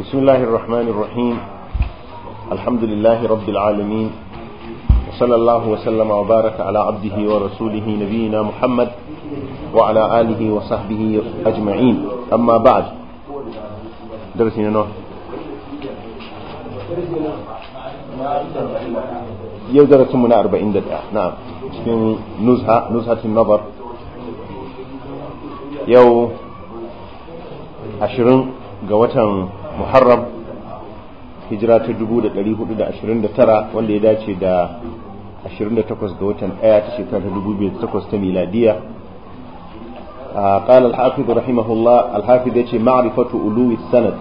بسم الله الرحمن الرحيم الحمد لله رب العالمين وصلى الله وسلم وبارك على عبده ورسوله نبينا محمد وعلى آله وصحبه أجمعين أما بعد درسنا نوع يو درسنا أربعين دقيقة نعم نزهة نزهة النظر yau ashirin ga watan muharram hijira ta 1429 wanda ya dace da 28 ga watan 1 ta shekara ta 2008 ta miladiya قال الحافظ رحمه الله الحافظ يتي معرفة sanad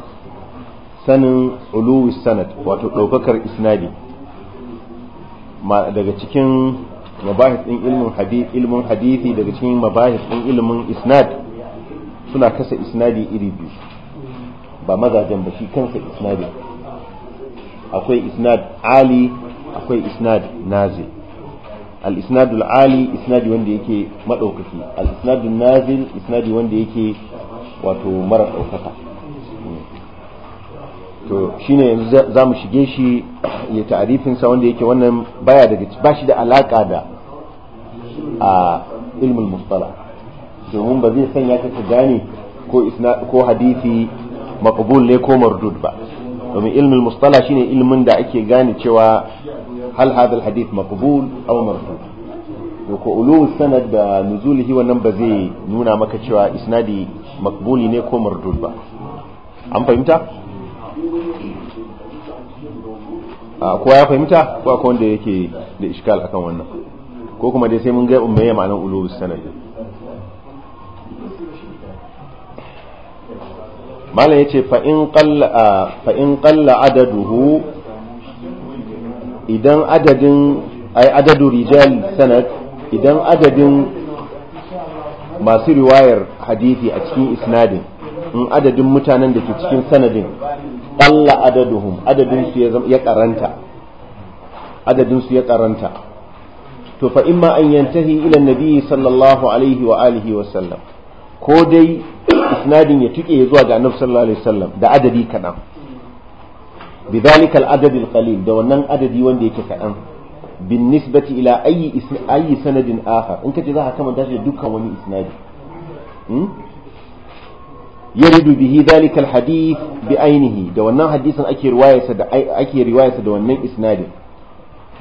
sanin سن sanad wato وتوككر isnadi ma daga cikin mabahis din ilmin hadith ilmin hadisi daga cikin mabahis din ilmin isnad suna kasa isnadi iri biyu ba mazajen ba shi kansa isnadin akwai isnad ali akwai isnad nazil al isnadul ali isnadi wanda yake madaukaki al isnadul nazil isnadi wanda yake wato mara daukaka to shine yanzu za mu shige shi ya ta'arifin sa wanda yake wannan baya daga ba shi da alaka da a ilmul mustala domin ba zai sanya ka gane ko isna ko hadisi maqbul ne ko mardud ba domin ilmin mustala shine ilmin da ake gane cewa hal hadal hadith maqbul aw mardud to ko ulul sanad da nuzulihi wannan ba zai nuna maka cewa isnadi maqbuli ne ko mardud ba an fahimta a kowa ya fahimta ko akwai wanda yake da iskal akan wannan ko kuma dai sai mun ga umayya ma'anar ulul sanad malam ya ce fa'in ƙalla adaduhu idan adadin adadu rijal sanad idan adadin masu riwayar hadithi a cikin isnadin in adadin mutanen da ke cikin sanadin ƙalla adaduhum adadin su ya karanta adadin su ya karanta to fa imma an yantahi ila nabi sallallahu alaihi wa alihi wa sallam ko dai isnadin ya tuke ya zuwa ga annabi sallallahu alaihi wasallam da adadi kaɗan bidhalika al-adad al-qalil da wannan adadi wanda yake kaɗan bin nisbati ila ayi sanadin akhar in kace za ka kamanta shi da dukkan wani isnadi hmm? yaridu bihi dhalika al-hadith bi ainihi da wannan hadisin ake riwayarsa da da wannan isnadin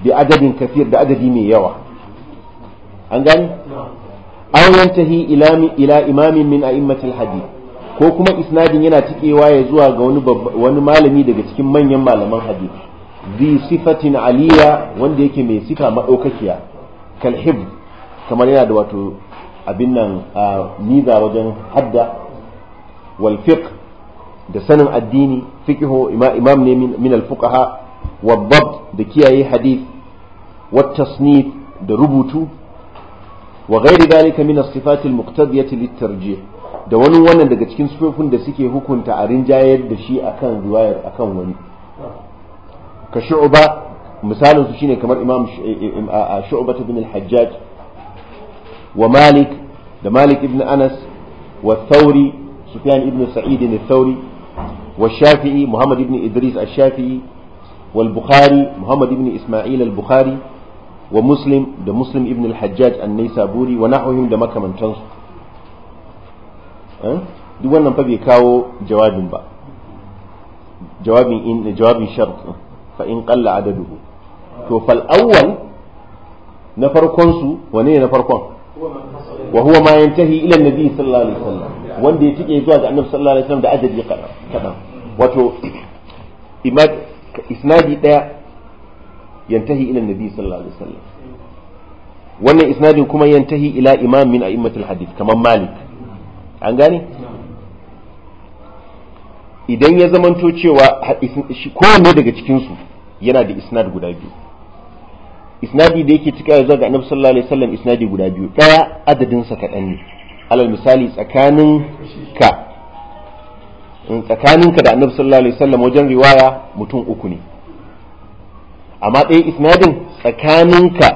bi adadin kafir da adadi mai yawa an an yantahi ila ila imamin min a'immatil hadith ko kuma isnadin yana tikewa ya zuwa ga wani wani malami daga cikin manyan malaman hadith bi sifatin aliya wanda yake mai sifa madaukakiya kal kamar yana da wato abin nan niza wajen hadda wal fiqh da sanin addini fiqhu imam ne min al fuqaha wa da kiyaye hadith wa tasnif da rubutu wa ghairi dalika min as-sifat al-muqtadiyah lit da wani wannan daga cikin sufofin da suke hukunta a rinjayar da shi akan riwayar akan wani ka shu'ba misalin su shine kamar imam eh, eh, shu'ba ibn al-hajjaj wa malik da malik ibn anas wa thawri sufyan ibn sa'id al-thawri wa shafi'i muhammad ibn idris al-shafi'i wal bukhari muhammad ibn isma'il al-bukhari wa muslim da muslim ibn al-hajjaj an-naisaburi wa nahwihim da makamantansu eh? duk wannan fa bai kawo jawabin ba jawabin in jawabin shart eh, fa in qalla adaduhu to fal awwal na farkon wane na farkon wa huwa ma yantahi ila annabi sallallahu alaihi wasallam wanda ya tike zuwa ga annabi sallallahu alaihi da kadan wato daya yantahi ila nabi sallallahu alaihi wasallam wannan isnadin kuma yantahi ila imam min a'immatul hadith kamar malik an gane idan ya zamanto cewa kowanne daga cikinsu yana da isnad guda biyu isnadi da yake cika ya zaga annabi sallallahu alaihi wasallam isnadi guda biyu daya adadin sa kadan ne alal misali tsakanin ka tsakanin ka da annabi sallallahu alaihi wasallam wajen riwaya mutum uku ne amma ɗaya isnadin tsakaninka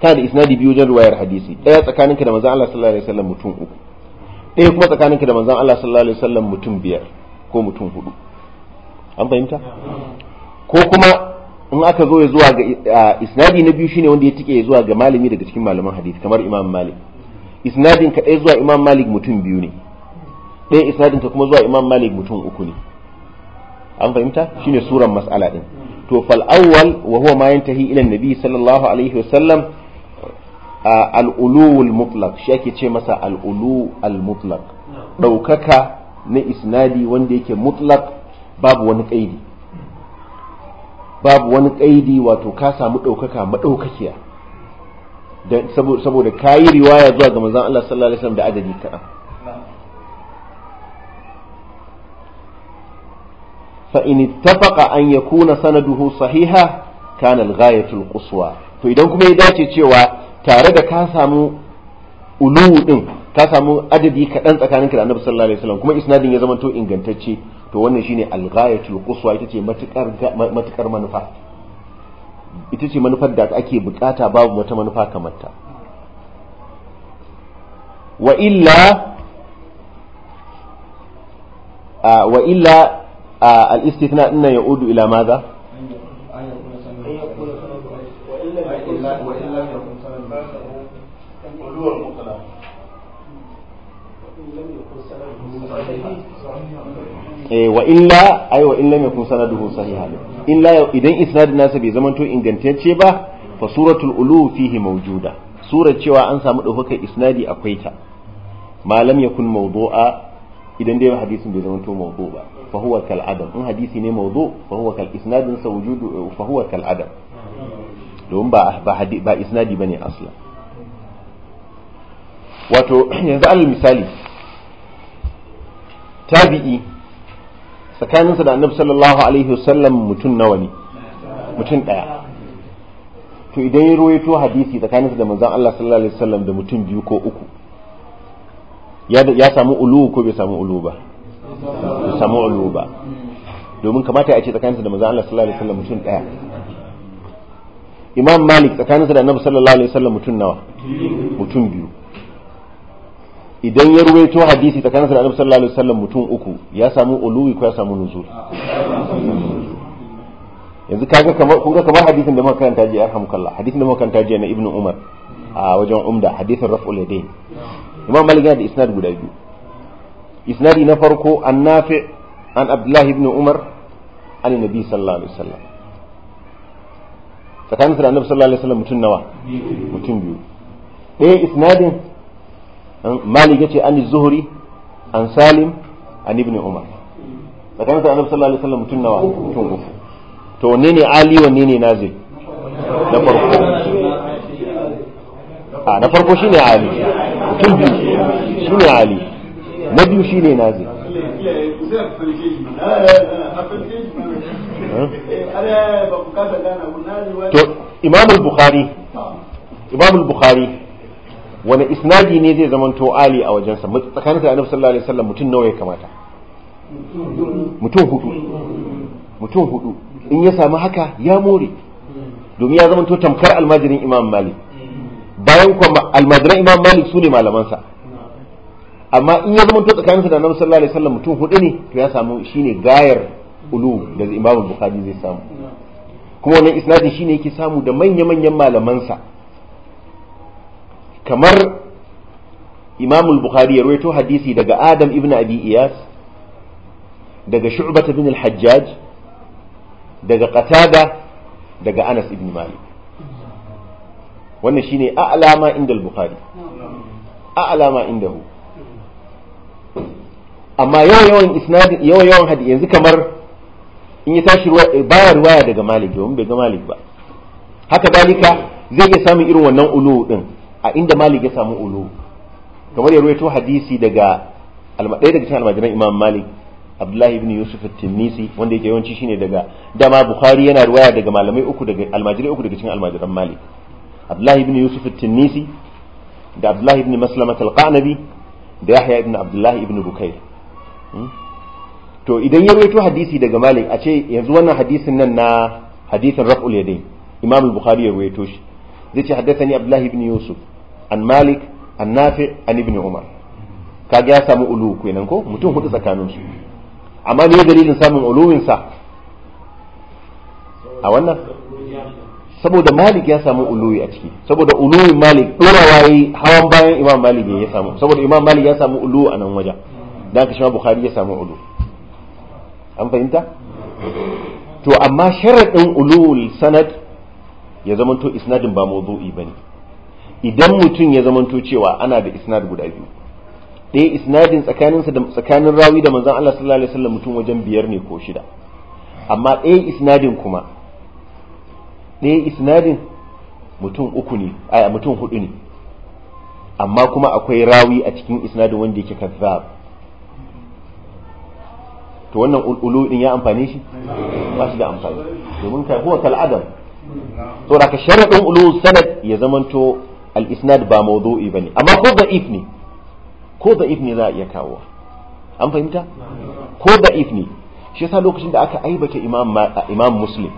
ta da isnadi biyu wajen ruwayar hadisi ɗaya tsakaninka da manzon Allah sallallahu alaihi wasallam mutum uku ɗaya kuma tsakaninka da manzon Allah sallallahu alaihi wasallam mutum biyar ko mutum hudu an fahimta ko kuma in aka zo ya zuwa ga isnadi na biyu shine wanda ya tike zuwa ga malami daga cikin malaman hadisi kamar imam malik isnadin ka ɗaya zuwa imam malik mutum biyu ne ɗaya isnadin ka kuma zuwa imam malik mutum uku ne an fahimta shine suran mas'ala din to fal'awwal awwal wa huwa ma yantahi ila nabi sallallahu alaihi wa sallam ulu al-mutlaq shi ake ce masa al-ulu al-mutlaq daukaka na isnadi wanda yake mutlaq babu wani kaidi babu wani kaidi wato ka samu daukaka madaukakiya saboda kayi riwaya zuwa ga manzon Allah sallallahu alaihi wasallam da adadi kaɗan fa in أن يكون سنده صحيحا sahiha الغاية القصوى ghayatul quswa to idan kuma ya dace cewa tare da ka samu ulu din ka samu adadi kaɗan tsakaninka da annabi sallallahu alaihi wasallam kuma isnadin ya zama to ingantacce to wannan shine al-ghayatul quswa ita ce matukar matukar manufa ita ce manufar da ake bukata babu wata manufa kamar ta wa illa wa illa al-istithna din ya'udu ila maza wa illa ai wa illa yakun sanaduhu sahiha illa idan isnadin nasa bai zamanto ingantacce ba fa suratul ulu fihi mawjuda surar cewa an samu daukar isnadi akwai ta malam yakun mawdu'a idan dai hadisin bai zamanto mawdu ba fa huwa kal adam in hadisi ne mawdu fa huwa kal isnadin sa wujudu fa huwa kal adam domin ba ba ba isnadi bane asla wato yanzu alal misali tabi'i tsakaninsa da annabi sallallahu alaihi wasallam mutum nawa ne mutum daya to idan ya ruwaito hadisi tsakaninsa da manzon Allah sallallahu alaihi wasallam da mutum biyu ko uku ya samu ulu ko bai samu ulu ba samu samu'u ba domin kamata ya ce tsakaninsa da maza Allah sallallahu alaihi wasallam mutum daya imam malik tsakaninsa da annabi sallallahu alaihi wasallam mutum nawa mutum biyu idan ya ruwaito hadisi tsakaninsa da annabi sallallahu alaihi wasallam mutum uku ya samu uluwi ko ya samu nuzul yanzu kaga kamar kun ga kamar hadisin da muka karanta jiya alhamdulillah hadisin da muka karanta jiya na ibnu umar a wajen umda hadisin raf'ul yadayn imam malik yana da isnad guda biyu isnadi na farko an nafi an abdullahi ibn umar an nabi sallallahu alaihi wasallam tsakanin da annabi sallallahu alaihi wasallam mutum nawa mutum biyu ɗaya isnadin malik yace an zuhuri an salim an ibn umar tsakanin da annabi sallallahu alaihi wasallam mutum nawa mutum uku to wanne ne ali wanne ne nazil na farko na farko shine ali mutum biyu ali na biyu shine nazir to imam bukhari imam bukhari wani isnadi ne zai zama to ali a wajensa tsakanin da annabi sallallahu alaihi wasallam mutum nawa ya kamata mutum hudu mutum hudu in ya samu haka ya more domin ya zama to tamkar almajirin imam malik bayan kuma almajiran imam malik su ne malamansa amma in ya zama to tsakaninsa da annabi sallallahu alaihi wasallam mutum hudu ne to ya samu shine gayar ulu da imam bukhari zai samu kuma wannan isnadin shine yake samu da manya manyan malamansa kamar imam bukhari ya rawaito hadisi daga adam ibn abi iyas daga shu'bah ibn al-hajjaj daga qatada daga anas ibn malik wannan shine a'lama inda al-bukhari a'lama indahu amma yawan yawan isnadin yawan yawan hadisi yanzu kamar in ya tashi baya riwaya daga malik domin bai ga malik ba haka dalika zai iya samun irin wannan ulu din a inda malik ya samu ulu kamar ya ruwaito hadisi daga ɗaya daga cikin almajiran imam malik abdullahi ibn yusuf at-tinnisi wanda yake yawanci shine daga dama bukhari yana riwaya daga malamai uku daga almajirai uku daga cikin almajiran malik abdullahi ibn yusuf at-tinnisi da abdullahi ibn maslamah al-qanabi da yahya ibn abdullahi ibn bukayr Hmm? to idan ya rawaito hadisi daga malik a ce yanzu wannan hadisin nan na hadisin raf'ul yadayn imam al-bukhari ya rawaito shi zai ce haddathani abdullahi ibn yusuf an malik an nafi an ibn umar kaga ya samu ulu kenan ko mutum hudu tsakanin su amma ne dalilin samun uluwin sa a wannan saboda malik ya samu uluwi a ciki saboda uluwin malik dora waye hawan bayan imam malik ya samu saboda imam malik ya samu ulu a nan wajen da ka shi bukhari ya samu ulu an fahimta to amma sharaɗin ulul sanad ya zamanto isnadin ba mawdu'i bane idan mutum ya zamanto cewa ana da isnad guda biyu ɗaya isnadin tsakaninsa da tsakanin rawi da manzon Allah sallallahu alaihi wasallam mutum wajen biyar ne ko shida amma ɗaya isnadin kuma ɗaya isnadin mutum uku ne aya mutum hudu ne amma kuma akwai rawi a cikin isnadin wanda yake kazzab to wannan ululu din ya amfani shi ba shi da amfani domin ka huwa kal adam to da ka sharadin ululu sanad ya zamanto al isnad ba mawdu'i bane amma ko da ifni ko da ifni za a iya kawo an fahimta ko da ifni shi yasa lokacin da aka aibata imam imam muslim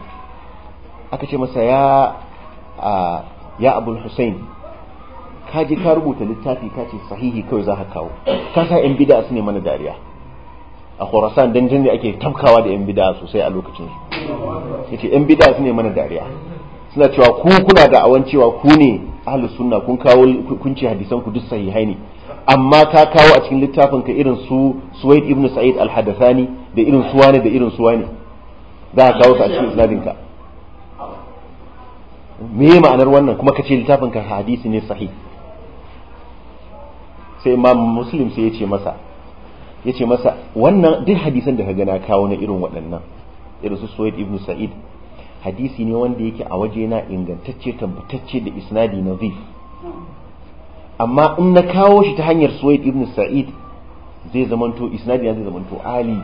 aka ce masa ya ya abul husain ka je ka rubuta littafi ka ce sahihi kawai za ka kawo ka sa yan bid'a su ne mana dariya a khurasan dan ne ake tafkawa da yan bid'a sosai a lokacin su yace yan bid'a su ne mana dariya suna cewa ku kuna da awan cewa ku ne ahlus sunna kun kawo kun ce hadisan ku duk sahihai ne amma ka kawo a cikin littafin ka irin su Suwaid ibn Sa'id al-Hadathani da irin su wani da irin su za ka kawo su a cikin isnadin ka me ma'anar wannan kuma ka ce littafin ka hadisi ne sahih sai imam muslim sai ya ce masa ya ce masa wannan duk hadisan da ka gana kawo na irin waɗannan irin su suwaid ibn sa'id hadisi ne wanda yake a waje na ingantacce tabbatacce da isnadi na zif amma in na kawo shi ta hanyar suwaid ibn sa'id zai zamanto isnadi zai zamanto ali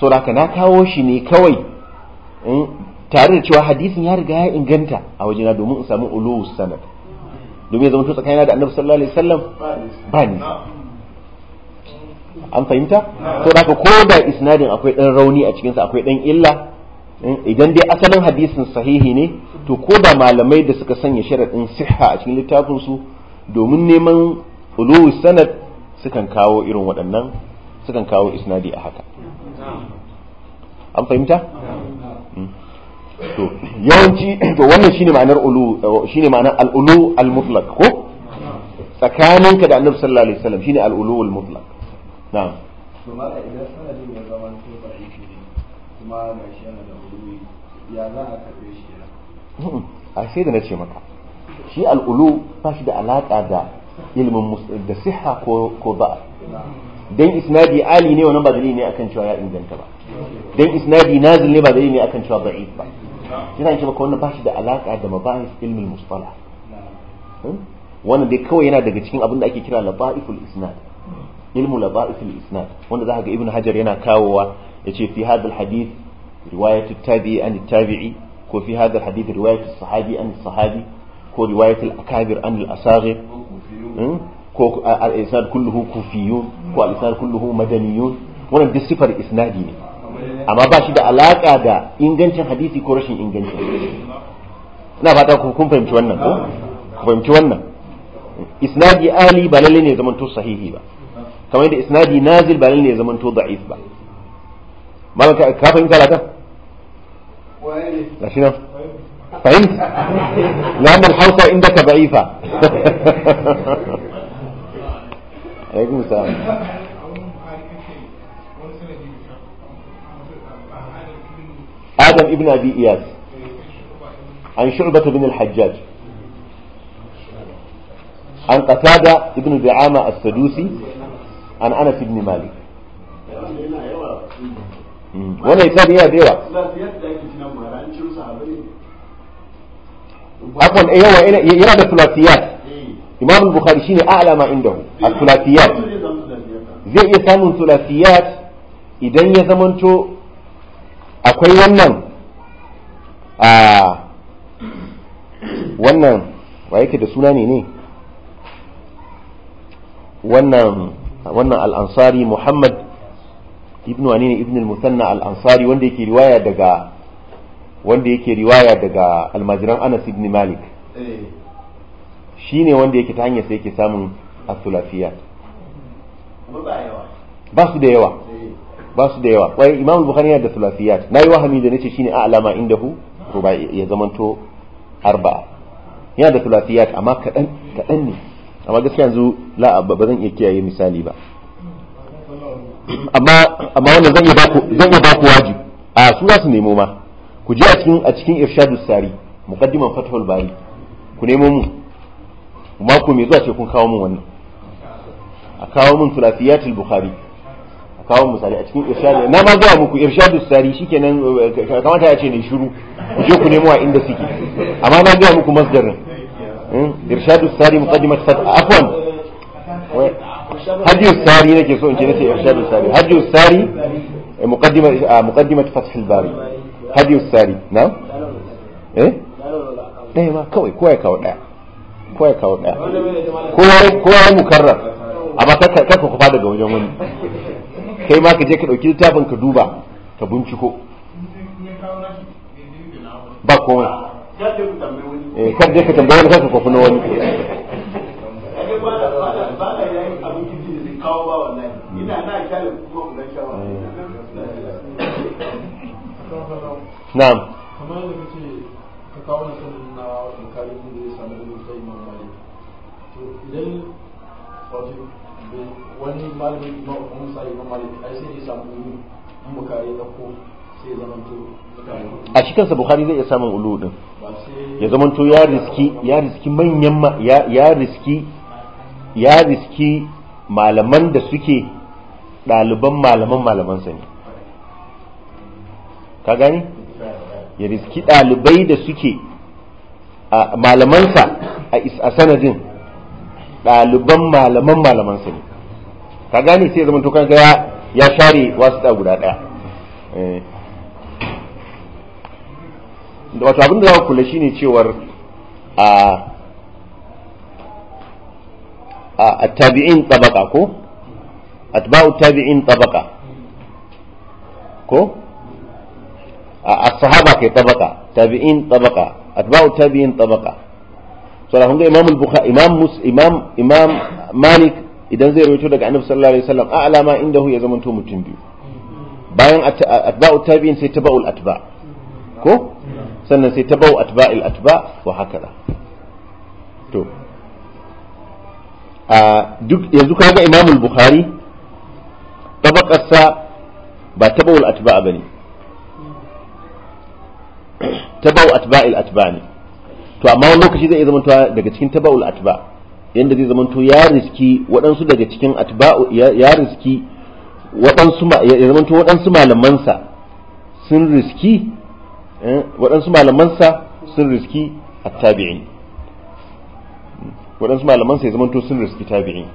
saboda na kawo shi ne kawai tare da cewa hadisin ya riga ya inganta a waje na domin in samu ulu sanad domin ya zamanto tsakanina da annabi sallallahu alaihi wasallam ba ne an fahimta to da ko da isnadin akwai dan rauni a cikinsa akwai dan illa eh, idan dai asalin hadisin sahihi ne to ko da malamai da suka sanya sharadin siha a cikin littafin su domin neman uluwus sanad sukan kawo irin waɗannan sukan kawo isnadi a haka an fahimta hmm. to yawanci to wannan shine ma'anar ulu eh, shine ma'anar al-ulu al-mutlaq ko tsakaninka da annabi sallallahu alaihi wasallam shine al-ulu al-mutlaq na'am to mala idan sanadin ya zama to ba shi ne kuma ga shi yana da ulumi ya za a karbe shi ya hmm, a sai da nace maka shi al'ulu ba shi da alaƙa da ilmin da siha ko ko ba dan isnadi ali ne wannan ba dalili ne akan cewa ya inganta ba dan isnadi nazil ne ba dalili ne akan cewa da'if ba yana ce maka wannan ba shi da alaƙa da mabahis ilmin mustalah hmm? wannan dai kawai yana daga cikin abin da ake kira labaiful isnad ilmu labaitul isnad wanda za ga Ibn hajar yana kawowa yace fi hadal hadith riwayatu tabi'i an tabi'i ko fi hadal hadith riwayatu sahabi an sahabi ko riwayatul akabir an al-asaghir ko al-isnad kulluhu kufiyun ko al-isnad kulluhu madaniyun wannan duk sifar isnadi ne amma ba shi da alaka da ingancin hadisi ko rashin inganci ina fata ku kun fahimci wannan ku fahimci wannan isnadi ali ba lalle ne zaman to sahihi ba kamar yadda isnadi nazil ba lalle ya zama to da'if ba malam ka ka fahimta laka gashi nan fahimta لأن الحوصة عندك ضعيفة عليكم السلام آدم ابن أبي إياس عن شعبة بن الحجاج عن قتادة ابن دعامة السدوسي an anas ibn mali. wannan isnad yana da yawa da yawa yana da sulasiyat imam bukhari shine a'lama inda hu a sulasiyat zai iya samun sulasiyat idan ya zamanto akwai wannan a wannan wa yake da suna ne ne wannan wannan al muhammad ibn wani ne ibn al-musanna al’ansari wanda yake riwaya daga wanda yake riwaya daga almajiran anas ibn malik eh. shi ne wanda yake ta hanyar sai yake samun asulafiya ba su da yawa eh. ba su da yawa wai imam bukhari yana da sulafiyat yi wahami da nace shine a'lama indahu rubai ya zamanto arba yana da sulafiyat amma kadan kadan ne amma gaskiya yanzu la ba zan iya kiyaye misali ba amma amma wannan zan iya ba ku zan iya ba ku waji a su za su nemo ma ku je a cikin a cikin irshadus sari muqaddiman fathul bari ku nemo mu mako mai zuwa ce kun kawo mun wannan a kawo mun sulafiyatul bukhari a kawo misali a cikin irshad na ma zuwa muku irshadus sari shikenan eh, kamata ya ce ne shiru ku je ku nemo a inda suke amma na zuwa muku masdarin Hmm? irshadu sari muqaddimat fat afwan hajju sari nake so in ce nace irshadu sari hajju sari eh, eh, muqaddimat muqaddimat fath al-bari hajju sari na eh dai ma kawai ko ya kawo daya ko ya kawo daya ko ko ya mukarrar amma kaka kaka ku fada ga wajen wani kai ma ka je ka dauki littafin ka duba ka binciko ba komai eh kar dai ka tambaye wani kanka ko kuma wani na'am kamar da kace ka kawo na sanin na yi da ya samu sai imam malik to idan wato wani malamin imam ai sai ya samu bukari da ko a cikin sa bukhari zai iya samun ulu din ya zamanto ya riski ya riski manyan ya riski ya riski malaman da suke ɗaliban malaman malaman sa ne ka gani ya riski ɗalibai da suke malamansa a sanadin ɗaliban malaman malaman sa ne ka gane sai zama to kaga ya share wasu guda ɗaya eh. wato abin da za ku kula ne cewar a tabi'in tabaka ko atba'u tabi'in tabaka ko a sahaba kai tabaka tabi'in tabaka atba'u tabi'in tabaka so da hunga imam al imam mus imam imam malik idan zai rubuto daga annabi sallallahu alaihi wasallam a alama hu ya zamanto mutum biyu bayan atba'u tabi'in sai tabi'ul atba ko sannan sai tabau atba'il atba wa hakala to a duk yanzu kaga imamul bukhari tabakarsa ba tabawul atba ba ne tabawul atba'il atba ne to amma wani lokaci zai zama daga cikin tabawul atba yanda zai zama to ya riski waɗansu daga cikin atba ya riski waɗansu ya zama to waɗansu malamansa sun riski Eh, waɗansu malamansa sun riski a attabi'in waɗansu malamansa ya zamanto sun riski tabi'in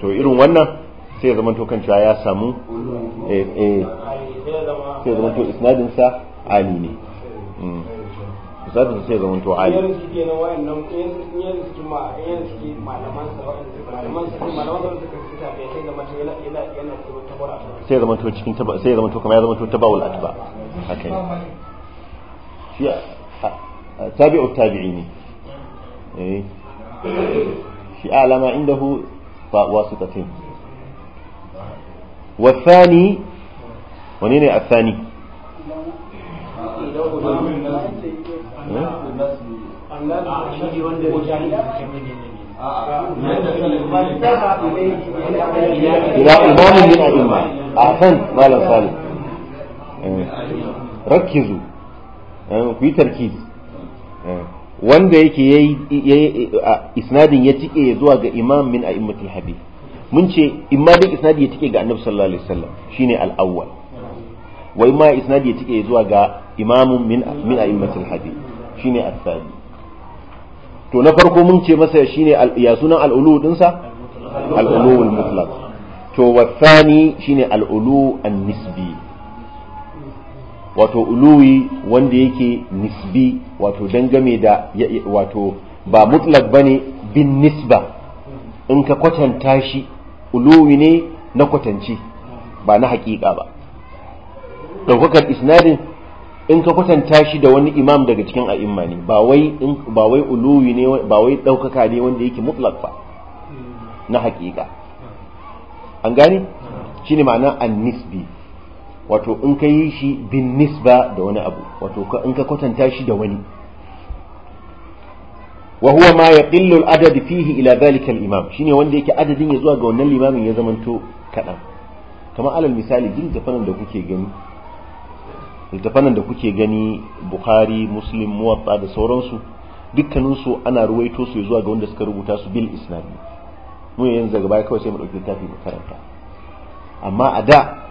to irin wannan sai ya zamanto kan cewa ya samu eh eh sai ya zamanto isnadinsa ali ne misalin hmm. sai ya zamanto ali sai ya zamanto cikin sai ya zamanto kamar ya zamanto tabawul atba haka ne في تابع التابعين إيه. في أعلى ما عنده واسطتين والثاني ونين الثاني إلى إمام من الأئمة أحسنت مالا صالح إيه. ركزوا Eh, ku yi tarkib eh, wanda yake yayi isnadin ya tike zuwa ga imam min a a'immatul hadith mun ce imma dai isnadi ya tike ga annabi sallallahu alaihi wasallam shine al-awwal wai ma isnadi ya tike zuwa ga imamun min min a'immatul hadith shine al-thani to na farko mun ce masa shine ya sunan al-ulu dinsa al-ulu al-mutlaq to wa thani shine al-ulu an-nisbi wato uluwi wanda yake nisbi wato dangame da wato ba mutlak bane bin nisba in ka kwatanta shi uluwi ne na kwatanci ba na hakika ba ɗaukakar isnadin in ka kwatanta shi da wani imam daga cikin a'imma ne ba wai ba wai uluwi ne ba wai ɗaukaka ne wanda yake mutlak ba na hakika an gane shine ma'ana an nisbi wato in ka yi shi bin nisba da wani abu wato in ka kwatanta shi da wani wa huwa ma yaqillu al-adad fihi ila dhalika al-imam shine wanda yake adadin ya zuwa ga wannan limamin ya zamanto kadan kamar alal misali din tafanan da kuke gani littafanan da kuke gani bukhari muslim muwatta da sauransu dukkaninsu ana ruwaito su zuwa ga wanda suka rubuta su bil isnadi mu yanzu daga baya kawai sai mu dauki littafi mu amma a da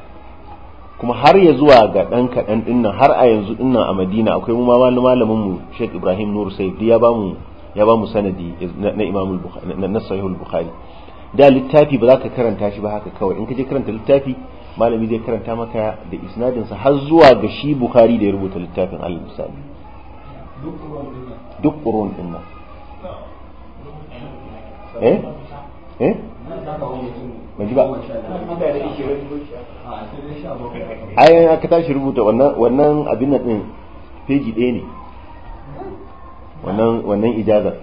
kuma har ya zuwa ga ɗan kaɗan ɗinnan har a yanzu ɗinnan a madina akwai mu ma malamin mu sheikh ibrahim nur said ya ba mu ya ba mu sanadi na imam na al bukhari da littafi ba za ka karanta shi ba haka kawai in ka je karanta littafi malami zai karanta maka da isnadin sa har zuwa ga shi bukhari da ya rubuta littafin al misali duk qurun dinnan. eh eh ji ba aka tashi rubuta wannan abin nan din peji ɗaya ne wannan ijazar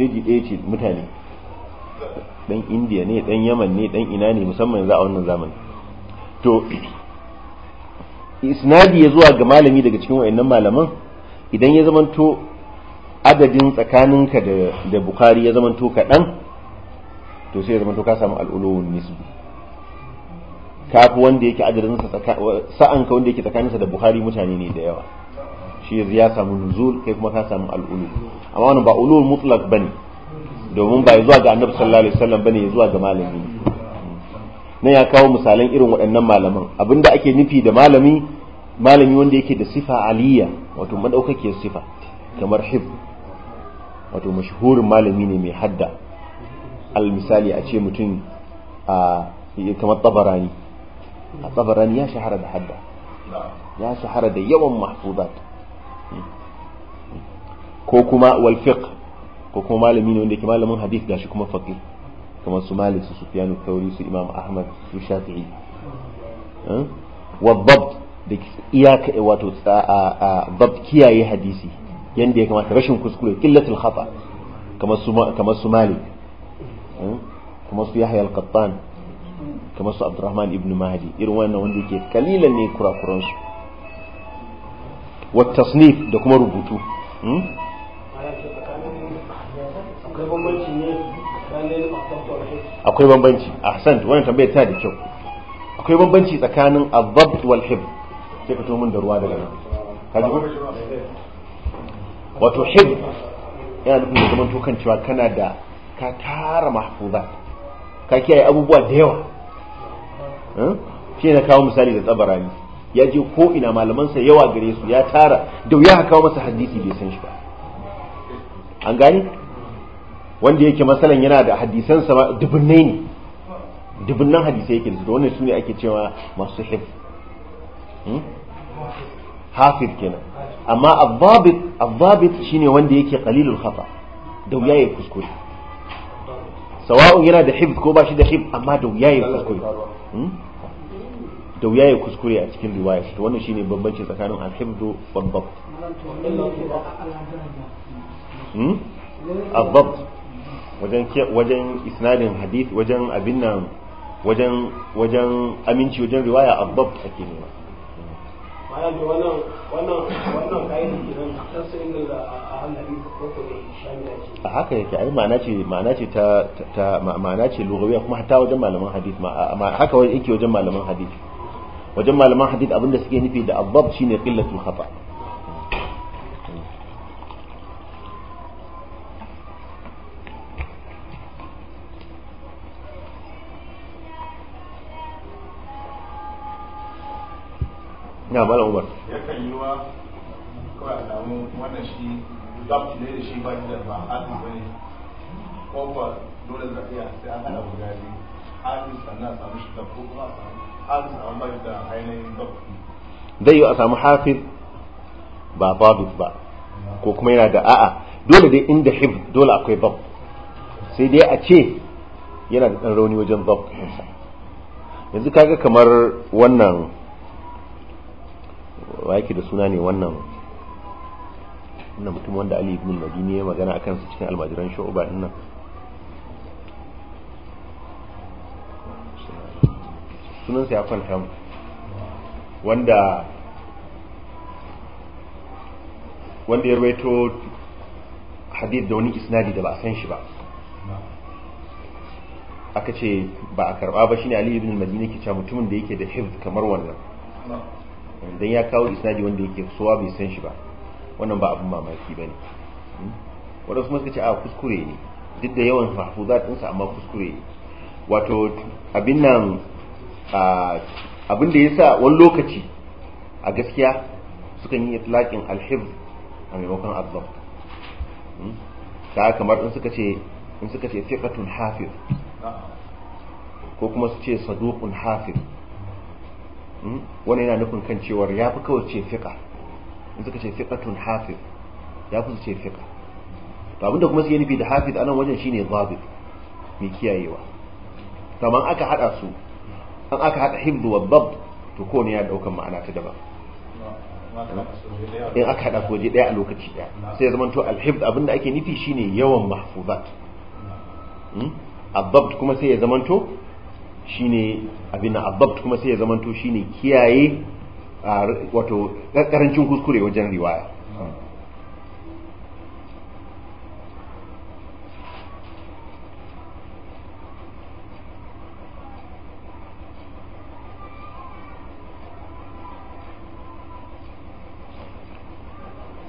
peji ɗaya ce mutane ɗan indiya ne ɗan yaman ne ɗan ina ne musamman yanzu a wannan zamani to isnadi ya zuwa ga malami daga cikin wa'annan malaman idan ya zamanto adadin tsakaninka da da bukari ya zamanto kaɗan to sai ya zama to ka samu al'ulowun nisbi ka fi wanda yake sa sa'an ka wanda yake tsakanin sa da buhari mutane ne da yawa shi ya samu nuzul kai kuma ka samu al'ulu amma wannan ba ulul mutlak bane domin ba zuwa ga annabi sallallahu alaihi wasallam bane zuwa ga malami ne ya kawo misalan irin waɗannan malaman abinda ake nufi da malami malami wanda yake da sifa aliyya wato madaukakiyar sifa kamar hib wato mashhurin malami ne mai hadda almisali a ce mutum a kamar tabarani a tabarani ya shahara da hadda ya shahara da yawan mahfuzat ko kuma wal ko kuma malami ne wanda ke malamin hadith gashi kuma faqih kamar su malik su sufyan thawri su imam ahmad su shafi'i eh? wa dhabt da iyaka wato bab kiyaye hadisi yanda ya kamata rashin kuskure qillatul khata kamar su kamar su malik Hmm? kuma su yahya al-qattan su abdurrahman ibn mahdi irin wannan wanda yake kalilan ne kurakuran su wa tasnif da kuma rubutu hmm? akwai bambanci ahsan wannan tambayar ta da kyau akwai bambanci tsakanin adhabt wal hib sai fito mun da ruwa daga nan ka ku wato hib yana nufin da zaman to kan cewa kana da ka tara mahfuzat ka kiyaye abubuwa da yawa hmm? shi na kawo misali da tsabarani ya je ko ina malamansa yawa gare su ya tara da wuya ya kawo masa hadisi bai san shi ba an gani wanda yake masalan yana da hadisansa ma dubunnai ne dubunnan hadisai yake da wannan su ne ake cewa masu hif hmm? hafiz kenan amma abbabit abbabit shine wanda yake qalilul hafa da wuya ya kuskure sawa'un yana da hifz ko ba shi da hifz amma da wuya ya kuskure hmm? da wuya ya kuskure a cikin riwaya to wannan shine bambanci tsakanin al-hifz wal dhabt al-dhabt wajen wajen isnadin hadith wajen abin nan wajen wajen aminci wajen riwaya al-dhabt ake nema ma'ana da wannan wannan wannan kayan da ko ko da shamila ce haka yake ai ma'ana ce ma'ana ce ta ta ma'ana ce lugawiya kuma hatta wajen malaman hadith ma haka yake wajen malaman hadith wajen malaman hadith abinda suke nufi da abbab shine qillatul khata' na bala umar yakan yi wa kawai a samu wannan shi zafi ne da shi ba da ba hadu ba ne kofa dole za iya sai an hada guda biyu hadu sannan a samu shi da ko kuma a samu hadu sannan ba da ainihin zafi zai yi a samu hafiz ba babu ba ko kuma yana da a'a dole dai inda hif dole akwai bab sai dai a ce yana da ɗan rauni wajen bab yanzu kaga kamar wannan wa yake da suna ne wannan wannan mutum wanda Ali ibn Madini ya magana akan su cikin almajiran shu'ba din nan sunan sa ya kwanta wanda wanda ya rawaito hadith da wani isnadi da ba a san shi ba aka ce ba a karba ba shine Ali ibn Madini ke cewa mutumin da yake da hifz kamar wannan dan ya kawo isnadi wanda yake sowa bai san shi ba wannan ba abin mamaki bane wanda kuma suka ce a kuskure ne duk da yawan mahfuzat ɗinsa amma kuskure ne wato abin nan abin da yasa wani lokaci a gaskiya sukan yi itlaqin alhib a maimakon azzam hmm? ta kamar in suka ce in suka ce thiqatun hafiz ko kuma su ce saduqun hafiz Hmm? wani yana nufin kan cewar ya fi kawai ce fiƙa in suka ce tun hafiz ya fi su ce fiƙa to abinda kuma suke nufi da hafiz anan wajen shine zabi mai kiyayewa kamar aka hada su an aka hada hibdu wa bab to ko ne ya daukan ma'ana ta daban in aka hada su waje daya a lokaci daya sai ya zama to alhibd abinda ake nufi shine yawan mahfuzat hmm? abab kuma sai ya zama to shine abin addabt kuma sai ya zamanto shine kiyaye wato karancin kuskure wajen riwaya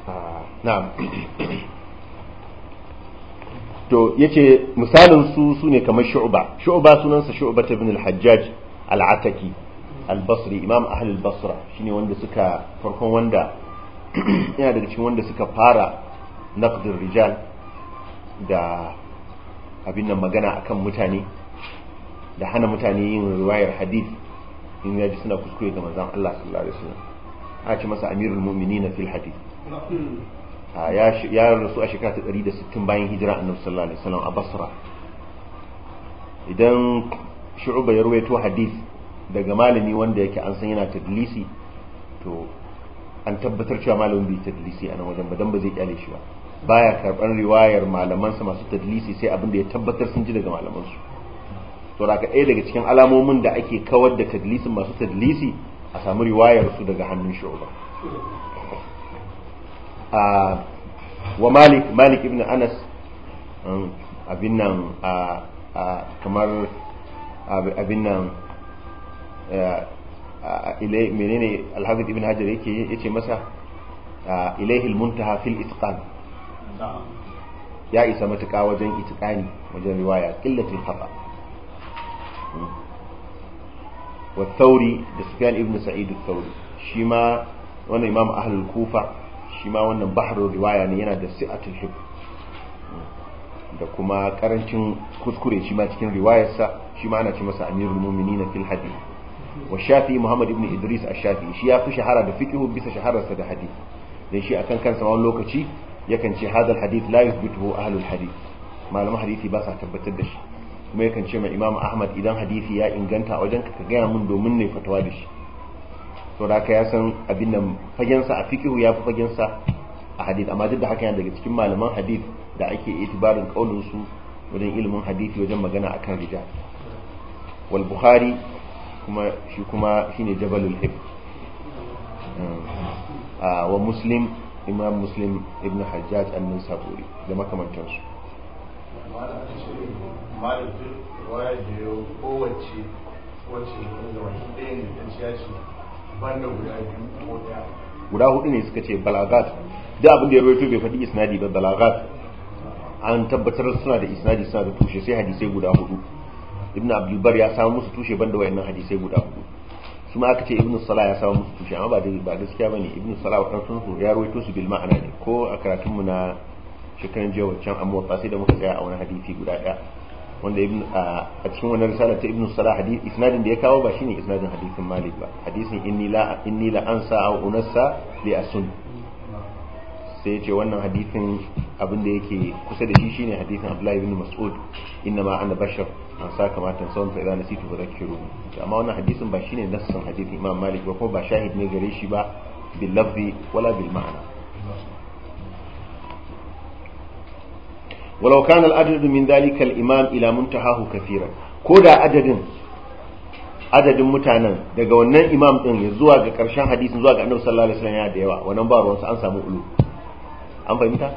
ah, na'am to yace misalin su sune kamar shu'ba shu'ba sunansa shu'ba ibn al-hajjaj al-ataki al-basri imam ahli al-basra shine wanda suka farkon wanda yana daga cikin wanda suka fara naqdir rijal da abin nan magana akan mutane da hana mutane yin riwayar hadith in yaji suna kuskure ga manzon Allah sallallahu alaihi wasallam a ce masa amirul mu'minin fil hadith ya rasu a shekara ta da sittin bayan hijira annabi sallallahu alaihi wasallam a basra idan shu'uba ya ruwaito hadith daga malami wanda yake an san yana tadlisi to an tabbatar cewa malamin bai tadlisi a nan wajen ba dan ba zai kyale shi ba baya karban riwayar malamansa masu tadlisi sai abin da ya tabbatar sun ji daga malamansu to da ɗaya daga cikin alamomin da ake kawar da tadlisin masu tadlisi a samu riwayar su daga hannun shu'uba wa malik malik ibn anas um, abin nan kamar abin nan ile menene alhafiz ibn hajar yake yace masa ilaihi almuntaha fil itqan ya isa matuƙa wajen itqani wajen riwaya qillatul khata hmm. wa thauri da sufyan ibn sa'id al shima shi ma wannan imam ahlul kufa shi ma wannan bahrul riwaya ne yana da si'atul hib da kuma karancin kuskure shi ma cikin riwayarsa shi ma ana ce masa amirul mu'minin fil hadith wa shafi muhammad ibnu idris ash-shafi shi ya fi shahara da fiqhu bisa shahararsa da hadith dan shi akan kansa wani lokaci yakan ce hadal hadith la yuthbituhu ahlul hadith malaman hadisi ba sa tabbatar da shi kuma yakan ce ma imam ahmad idan hadisi ya inganta wajen ka gaya mun domin ne fatawa da shi saboda haka ya san abin da fagensa a fiqhu ya fi fagensa a hadith amma duk da haka yana daga cikin malaman hadith da ake itibarin kaulin su wajen ilimin hadith wajen magana akan rijal wal bukhari kuma shi kuma shine jabalul hib ah, ah, wa muslim imam muslim ibn hajjaj an saburi da makamantan su malafin wayar da kowace wacce wanda wani ɗaya ne ya ce. guda hudu ne suka ce balagat da abin da ya rawaito bai faɗi isnadi ba balagat an tabbatar suna da isnadi suna da tushe sai hadisai guda hudu ibn abdulbar ya samu musu tushe banda wayannan hadisai guda hudu su ma aka ce ibn salah ya samu musu tushe amma ba da ba gaskiya bane ibn salah wa kansu su ya rawaito su bil ma'ana ne ko a mu na shekaran jiya wancan amma sai da muka tsaya a wani hadisi guda daya wanda a cikin wannan risala ta ibnu salah hadith isnadin da ya kawo ba shine isnadin hadithin malik ba hadithin inni la inni la ansa aw unassa li asun sai yace wannan hadithin abin da yake kusa da shi shine hadisin abdullahi ibn mas'ud inna ma ana bashar an sa kamata sun fa idan nasitu fa amma wannan hadithin ba shine nassan hadisin imam malik ba ko ba shahid ne gare shi ba bil lafzi wala bil ma'ana walau kana al-adadu min dhalika al-imam ila muntahahu kathiran ko da adadin mutanen daga wannan imam din zuwa ga karshen hadisin zuwa ga annabi sallallahu alaihi wasallam yana da yawa wannan ba ruwansa an samu ulu an fahimta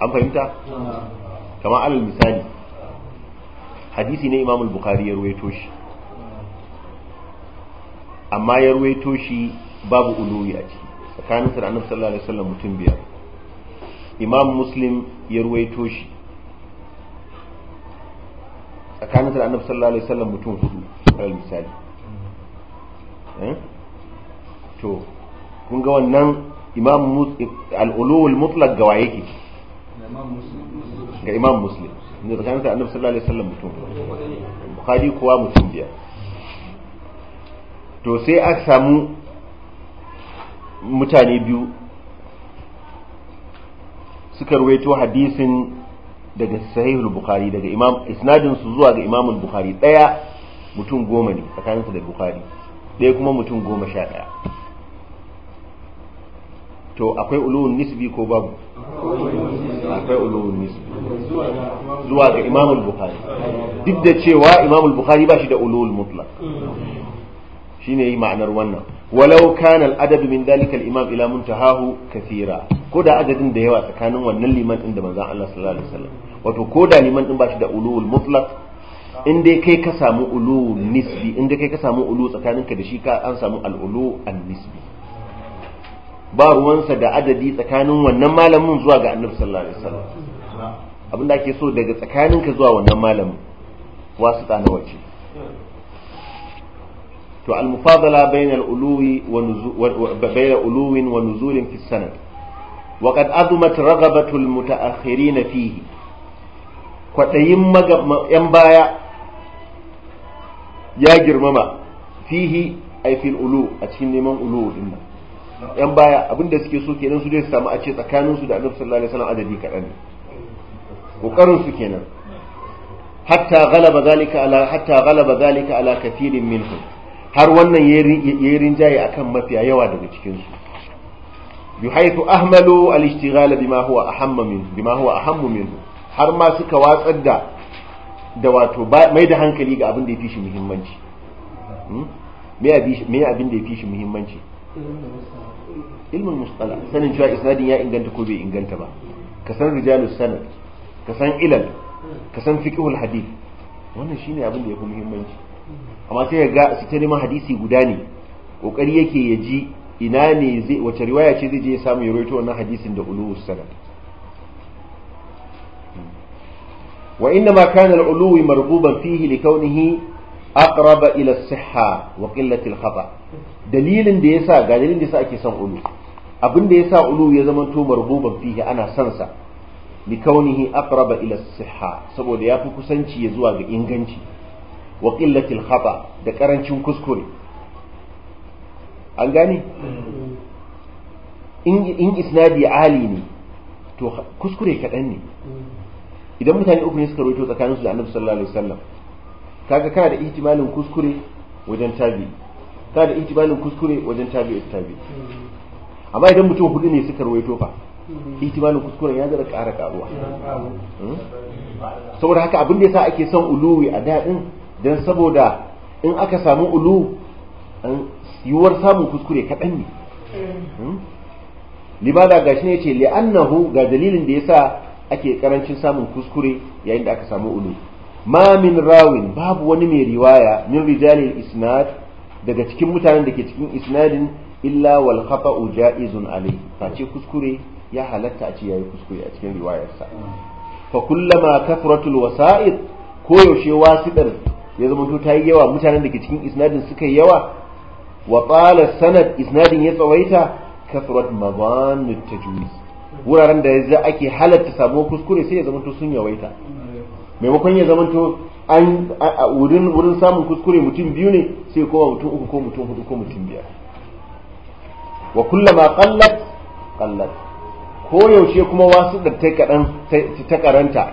an fahimta Kamar alal misali hadisi ne imam al-bukhari ya ruwaito shi amma ya ruwaito shi babu uluwi a ciki tsakanin sa da annabi sallallahu alaihi wasallam mutum biyar imam muslim ya ruwaito shi tsakanin da annabi sallallahu alaihi wasallam mutum hudu alal misali eh? to kun ga wannan imam al-ulul mutlaq gawa yake ga imam muslim ne tsakanin da annabi sallallahu alaihi wasallam mutum bukhari kuwa mutum biya to sai aka samu mutane biyu suka ruwaito hadisin daga sahihul bukhari daga imam isnadin su zuwa ga imamul bukhari daya mutum goma ne tsakanin da bukhari daya kuma mutum goma sha daya to akwai ulul nisbi ko babu akwai ulul nisbi zuwa ga imamul bukhari duk da cewa imamul bukhari ba shi da ulul mutlaq shine yi ma'anar wannan walau kana al'adadu min dalika al-imam ila muntahahu kathira ko da adadin da yawa tsakanin wannan liman din da manzon Allah sallallahu alaihi wasallam wato ko da liman din bashi da ulul mutlaq in kai ka samu ulu nisbi in kai ka samu ulu tsakaninka da shi ka an samu al-ulu an-nisbi ba ruwansa da adadi tsakanin wannan malamin zuwa ga annabi sallallahu alaihi wasallam abin da ake so daga tsakaninka zuwa wannan malamin wasu tsana wace to al-mufadala bainal uluwi wa bainal uluwin wa nuzulin fi sanad wa qad azumat raghabatu al-mutaakhirin fihi kwadayin yan baya ya girmama fihi ay fil ulu a cikin neman ulu din nan yan baya abinda suke so kenan su dai su samu a ce tsakanin su da annabi sallallahu alaihi wasallam adadi kadan ne kokarin su kenan hatta ghalaba zalika ala hatta ghalaba zalika ala kathirin minhum har wannan yayi rinjaye akan mafiya yawa daga cikin su yuhaithu ahmalu al-ishtighal bima huwa ahamma min bima huwa ahammu minhu har ma suka watsar da da wato mai da hankali ga abin da yafi shi muhimmanci hmm? me abin da yafi shi muhimmanci ilmin mustala sanin cewa isnadin ya inganta ko bai inganta ba ka san rijalus sanad ka san ilal ka san fiqhul hadith wannan shine abin da ya yafi muhimmanci amma sai ga su ta neman hadisi guda ne ƙoƙari yake ya ji ina ne zai wace riwaya ce zai je ya samu ya rawaito wannan hadisin da ulu sanad wa inna ma kana al-ulu marghuban fihi li kaunihi aqraba ila as-sihha wa qillati al-khata dalilin da yasa ga dalilin da yasa ake son ulu abin da yasa ulu ya zama to marghuban fihi ana son sa li kaunihi aqraba ila as-sihha saboda yafi kusanci ya zuwa ga inganci wa qillatil khata da karancin kuskure an gane in isnadi ali ne to kuskure kaɗan ne idan mutane uku ne suka rawaito tsakanin su da annabi sallallahu alaihi wasallam kaga kana da ihtimalin kuskure wajen tabi kana da ihtimalin kuskure wajen tabi tabi amma idan mutum hudu ne suka rawaito fa ihtimalin kuskuren ya zara ƙara ƙaruwa hmm? saboda haka abin da yasa ake son uluwi a daɗin don saboda in aka samu ulu yiwuwar samun kuskure kaɗan ne hmm? libada ga shi ne ce li'annahu ga dalilin da ya sa ake karancin samun kuskure yayin da aka samu ulu ma min rawin babu wani mai riwaya min rijalil isnad daga cikin mutanen da ke cikin isnadin illa wal khata'u ja'izun alai ce kuskure ya halatta a ce yayi kuskure a cikin riwayarsa hmm. fa kullama kasratul wasa'id koyaushe wasiɗar ya zama to ta yi yawa mutanen da ke cikin isnadin suka yi yawa wa tsala sanad isnadin ya tsawaita kasrat ta tajwiz wuraren da yanzu ake halatta samu kuskure sai ya zama to sun yawaita maimakon ya zama to an wurin wurin samun kuskure mutum biyu ne sai kowa mutum uku ko mutum hudu ko mutum biyar wa kullama qallat qallat ko yaushe kuma wasu da ta kadan ta karanta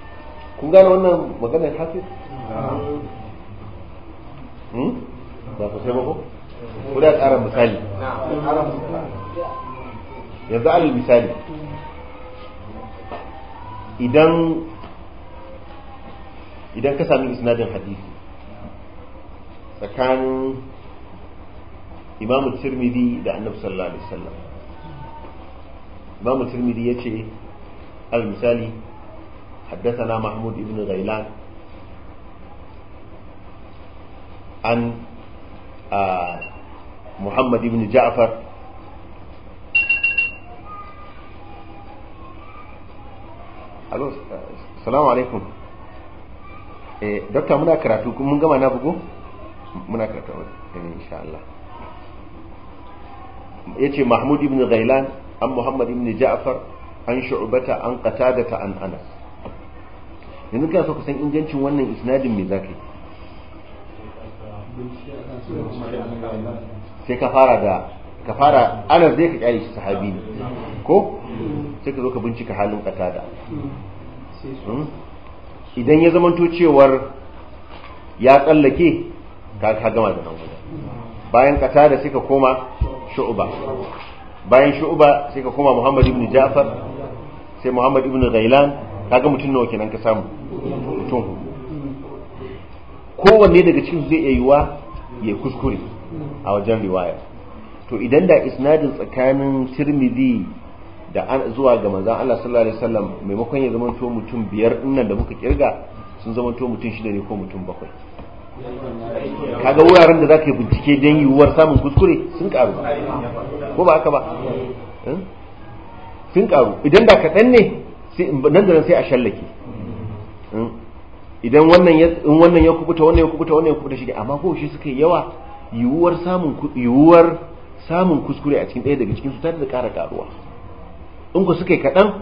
kun gane wannan maganar hafiz hmm? ba ku sai ba ko ku da ƙara misali yanzu alal misali idan idan ka sami isnadin hadisi tsakanin imamu tirmidhi da annabi sallallahu alaihi wasallam imamu tirmidhi yace al misali حدثنا محمود بن غيلان عن محمد بن جعفر الو السلام عليكم دكتور muna karatu kun mun gama na bugu muna karatu insha Allah yace Mahmud ibn Ghailan an Muhammad ibn Ja'far an Shu'bata an Qatadata an Anas yanzu kana so ka san ingancin wannan isnadin me zaka yi sai ka fara da ka fara ana zai ka kyale shi sahabi ne ko sai ka zo ka bincika halin katada hmm? idan ya zamanto cewar ya tsallake ka ka gama da nan gudu bayan katada sai ka koma shu'uba bayan shu'uba sai ka koma muhammad ibn ja'far sai muhammad ibn ghailan kaga mutum nawa kenan ka samu mutum kowanne daga cikin zai iya yiwa ya kuskure a wajen riwaya to idan da isnadin tsakanin tirmidhi da an zuwa ga manzon Allah sallallahu alaihi wasallam maimakon ya zama to mutum biyar dinnan da muka kirga sun zama to mutum shida ne ko mutum bakwai kaga wuraren da zaka yi bincike don yiwuwar samun kuskure sun karu ko ba haka ba hmm? sun karu idan da kaɗan ne nan da nan sai a shallake hmm? idan wannan ya in wannan ya kubuta wannan ya kubuta wannan ya kubuta shi amma ko shi suka yi yawa yiwuwar samun yiwuwar samun kuskure a cikin ɗaya daga cikin su ta da ƙara ƙaruwa in ku suka yi kaɗan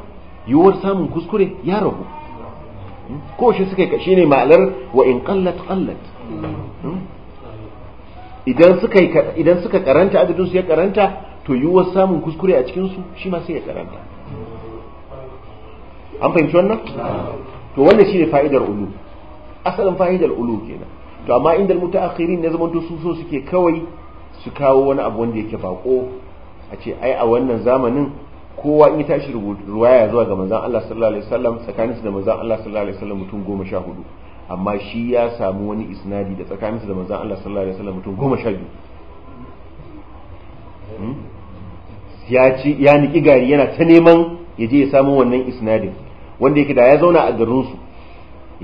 yiwuwar samun kuskure ya ragu hmm? ko shi suka yi shi ne ma'alar wa in qallat qallat hmm? idan suka idan suka karanta adadin su ya karanta to yiwuwar samun kuskure a cikin su shi ma sai ya karanta an fahimci wannan to wannan shine fa'idar ulu asalin fa'idar ulu kenan to amma inda mutaakhirin ne zaman to su so suke kawai su kawo wani abu wanda yake bako a ce ai a wannan zamanin kowa in tashi ruwaya zuwa ga manzon Allah sallallahu alaihi wasallam tsakaninsu da manzon Allah sallallahu alaihi wasallam mutum goma sha hudu amma shi ya samu wani isnadi da tsakaninsu da manzon Allah sallallahu alaihi wasallam mutum goma sha biyu hmm? ya ci ya niki gari yana ta neman ya je ya samu wannan isnadin wanda yake da ya zauna a garin su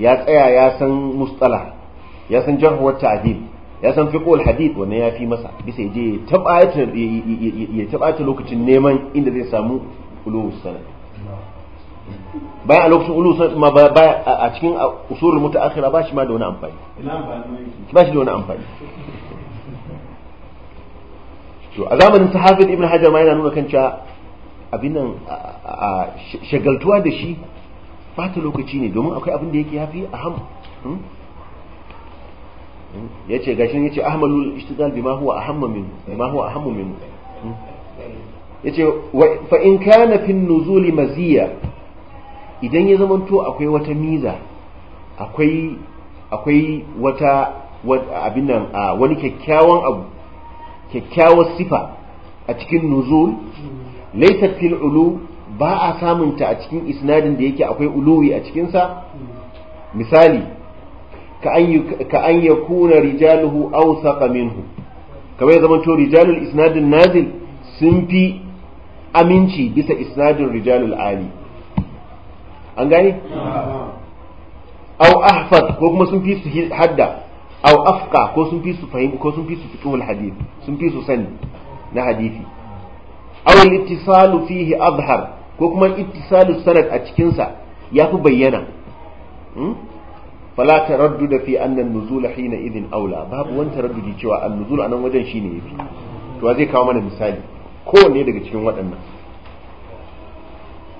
ya tsaya ya san mustala ya san jarhu wa ta'dil ya san fiqhul hadith wannan ya fi masa bisa je ya tabata lokacin neman inda zai samu ulul sanad bayan a lokacin ulu ma baya a cikin usulul mutaakhira ba shi ma da wani amfani ba shi da wani amfani to a zamanin sahabi ibn hajar ma yana nuna kan cewa abin nan shagaltuwa da shi bata lokaci ne domin akwai abin da yake yafi ham hmm? hmm? ya ce gashin ya ce ahmalul ishtidal bima huwa ahamma min bima huwa ahammu min hmm? ya ce fa in kana fin nuzuli maziya idan ya to akwai wata miza akwai akwai wata abin nan wani kyakkyawan abu kyakkyawar sifa a cikin nuzul laysa fil ulu ba a samunta a cikin isnadin da yake akwai uluwi a cikinsa misali ka an ya kuna rijaluhu awsaqa minhu kamar ya zama zamanto rijalul isnadin nazil sun fi aminci bisa isnadin rijalul ali an gane Au ahfad ko kuma sun fi su hadda au afqa ko sun fi su fahim ko sun fi su fiqhul hadith sun fi su sani na hadithi, aw al-ittisalu fihi azhar ko kuma ittisalus sanad a cikinsa ya fi bayyana hmm? fala taradduda fi anna an-nuzul hina idin aula babu wani taraddudi cewa an anan wajen shine yafi to zai kawo mana misali kowanne daga cikin waɗannan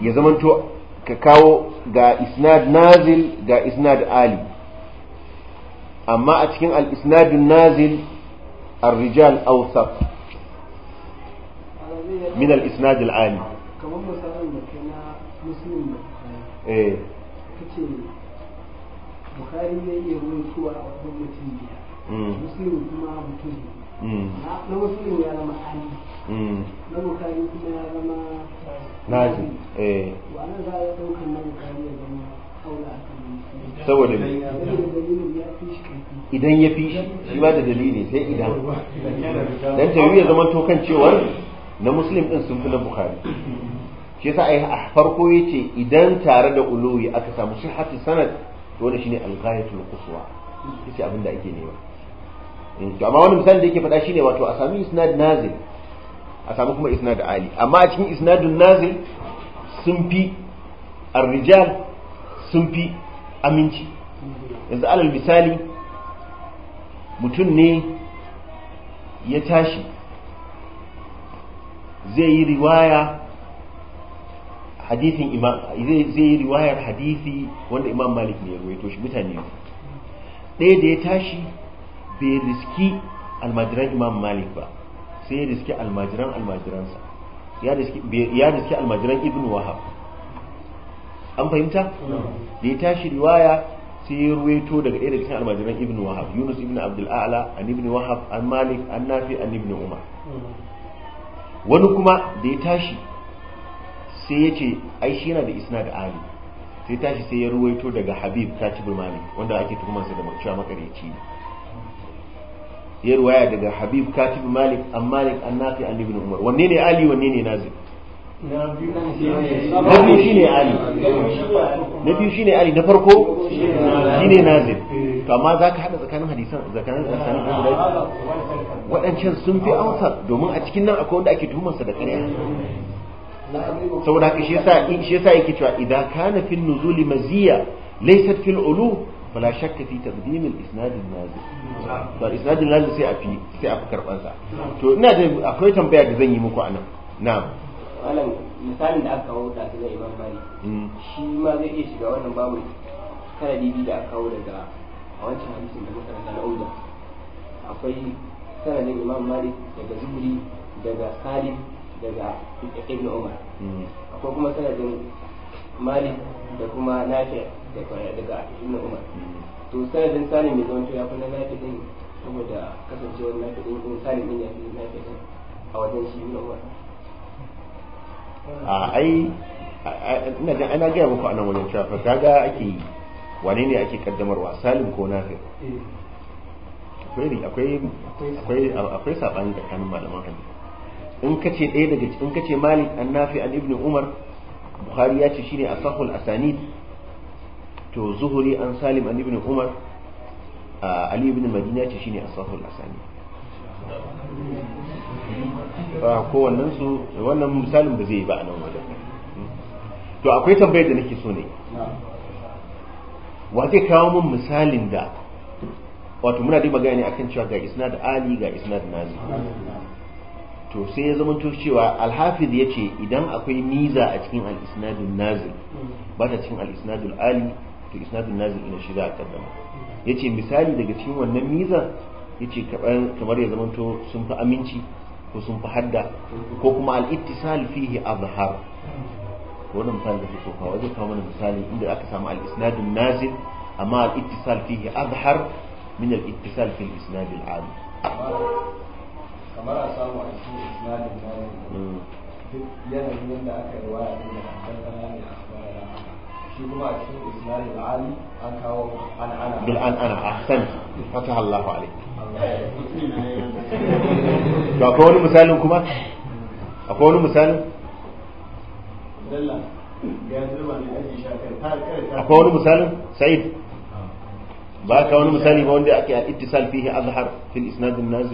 ya zamanto ka kawo ga isnad nazil ga isnad ali amma a cikin al-isnadun nazil ar-rijal awsat min al-isnad al-ali kamar misalin da kai na musulun da eh kace bukari ne iya ruwa a wajen mutum biyar hmm. musulun kuma mutum hmm. na musulun ya zama ali hmm. na bukari kuma ya zama naji eh. Wa wannan za a daukan na bukari ya zama haula akan saboda me idan ya fi shi shi ba da dalili sai idan dan tawiya zaman to kan cewar na muslim din sun fi na bukhari shi yasa ai a farko yace idan tare da uluwi aka samu sihhatu sanad to wannan shine al-ghayatul quswa yace abin da ake nema eh, to amma wani misali da yake faɗa shine wato a sami isnad nazil a sami kuma isnad ali amma a cikin isnadun nazil sun fi ar-rijal sun fi aminci yanzu alal misali mutum ne ya tashi zai yi riwaya hadisin imam zai yi riwayar hadisi wanda imam malik ne ya ruwaito shi mutane ɗaya da ya tashi bai riski almajiran imam malik ba sai ya riski almajiran almajiransa ya riski almajiran ibn wahab an fahimta mm. da ya tashi riwaya sai ya ruwaito daga ɗaya daga cikin almajiran ibn wahab yunus ibn abdul a'la an ibn wahab an malik an nafi an ibn umar mm. wani kuma da ya tashi sai ya ce ai shi yana da da ali sai tashi sai ya ruwaito daga habib katibul malik wanda ake tuhumarsa da cewa makareci ne ya ruwaya daga habib Katibu malik an malik an nafi an ibn umar wanne ne ali wanne ne nazir na biyu shine ali na biyu shine ali na farko shine nazir to amma za ka haɗa tsakanin hadisan tsakanin tsakanin guda waɗancan sun fi amsar domin a cikin nan akwai wanda ake tuhumarsa da ƙarya saboda haka shi yasa shi yasa yake cewa idan kana fil nuzuli maziya laysat fil ulu fala shakka fi taqdim al isnad al nazil to isnad al nazil sai a fi sai a karban sa to ina da akwai tambaya da zan yi muku anan na'am malam misalin da aka kawo da na imam mali mm. shi ma zai iya shiga wannan babu sanadi biyu da aka kawo daga a wancan hadisin da muka rasa na'uda akwai sanadin imam mali daga zuri daga salim daga ibn umar mm. akwai kuma sanadin mali da kuma nafi daga ibn umar mm. to sanadin salim ya zama ya fi na nafi din saboda kasancewar nafi din salim din ya fi nafi din a wajen shi ibn umar a ai ina jin ana gaya muku anan wajen cewa kaga ake yi wane ne ake kaddamarwa salim ko nafi akwai akwai akwai akwai sabani tsakanin malaman hadisi in kace ɗaya daga cikin kace malik an nafi an ibn umar bukhari ya ce shine asahul asanid to zuhuri an salim an ibnu umar ali ibn madina ya ce shine asahul asanid ba kowannen su wannan misalin ba zai yi ba a nan wajen to akwai tambayar da nake so ne wa zai kawo min misalin da wato muna dai magana ne akan cewa ga isnad ali ga isnad nazi to sai ya zama to cewa alhafiz ya ce idan akwai miza a cikin al-isnadun nazil ba ta cikin al-isnadul ali to isnadun nazil ina shiga a kaddama ya ce misali daga cikin wannan miza yace kamar ya zamanto sun fi aminci ko sun fi hadda ko kuma al-ittisal fihi azhar wannan misali da take kawo wajen kawo mana misali inda aka samu al-isnadun nazil amma al-ittisal fihi azhar min al-ittisal fil isnad al-ali kamar a samu a cikin isnadun nazil yana hmm. yanayin da aka riwaya ne da hakan ne a shi kuma a cikin ali an kawo an'ana to akwai wani misalin kuma akwai wani misalin akwai wani misalin sa'id ba ka wani misali ba wanda ake al-ittisal azhar fil isnad an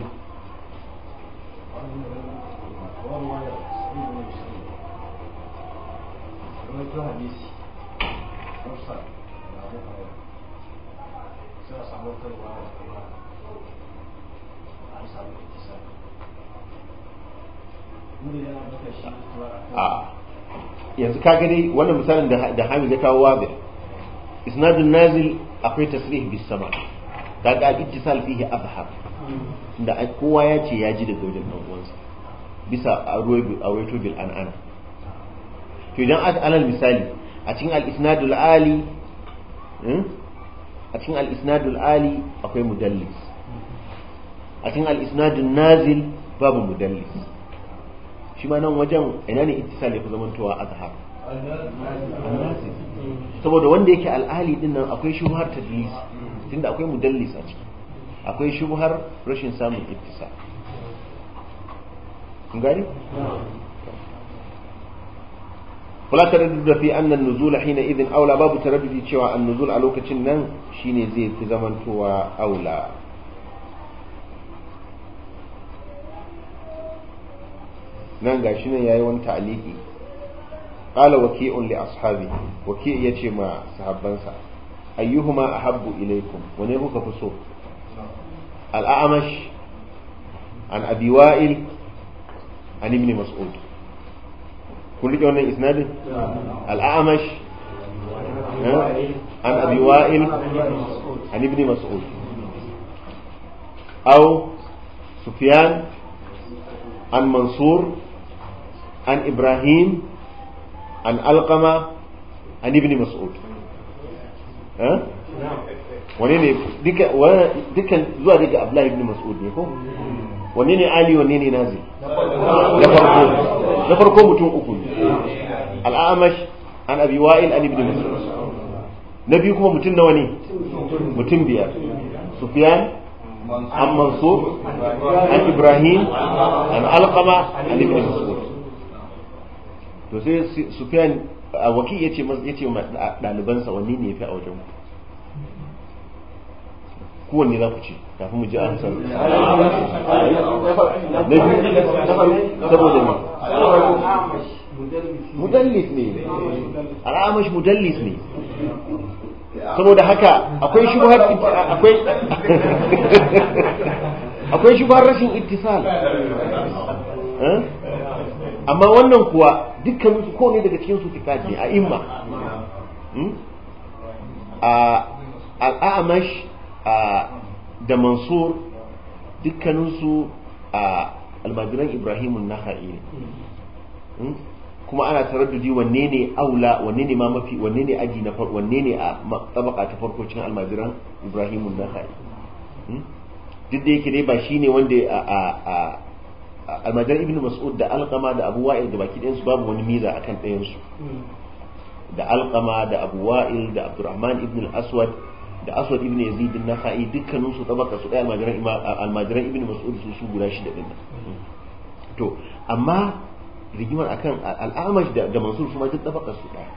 yanzu ka gani wannan misalin da hamid ya kawo wabi isnadun nazil akwai tasrih bis sama ta ga ittisal fihi abhar da kowa ya ce ya ji da gaujin dan uwansa bisa a ruwaito bil an'ana to idan alal misali a cikin al isnadul ali hmm? a cikin al-isnadul ali akwai mudallis a cikin al-isnadun nazil babu mudallis shi ma nan wajen ina ne ittisal yafi towa azhar al-nazil saboda wanda yake al-ali din nan akwai shubhar tadlis tunda akwai mudallis a ciki akwai shubhar rashin samun ittisal kun gani wala taraddud fi annan an-nuzul hina idhin aula babu taraddudi cewa an-nuzul a lokacin nan shine zai fi zamantowa aula nan gashi nan yayi wani ta'aliki qala waki'un li ashabi waki' yace ma sahabbansa ayyuhuma ahabbu ilaykum wane kuka fi so al-a'mash an abi wa'il an ibn mas'ud كل جون اسناده نعم. الاعمش عن ابي وائل عن ابن مسعود او سفيان عن منصور عن ابراهيم عن القمه عن ابن مسعود ها نعم. ونيني ديك و ديك زو ديك na farko mutum uku ne al'amash an abi wa'il an ibn mas'ud na biyu kuma mutum nawa ne mutum biyar sufyan an mansur an ibrahim an alqama an ibn mas'ud to sai sufyan waki yace yace ɗalibansa wanne ne ya fi a wajen ku kowanne za ku ce kafin mu ji an san saboda ne mudallis ne al'amash mudallis ne saboda haka akwai shubhar akwai akwai shubhar rashin ittisal eh? amma wannan kuwa dukkan su kowane daga cikin su fitat ne a imma hmm? a al'amash da mansur dukkaninsu a almajiran ibrahimun naha'i ne hmm? kuma ana taraddudi wanne ne aula wanne ne ma mafi wanne ne aji na farko wanne ne a tabaka ta farko cikin almajiran ibrahimun naha'i hmm? duk da yake dai ba shine wanda a almajiran Ibn mas'ud da alqama da abu wa'il da baki ɗayan su babu wani miza akan ɗayan su hmm. da alqama da abu wa'il da abdurrahman ibn al-aswad da aswad ibn yazid na fa'i dukkanin su tabaka su ɗaya almajiran ibn mas'ud su su guda shida ɗin to amma rigimar akan al'amash da mansur su ma duk tabaka su ɗaya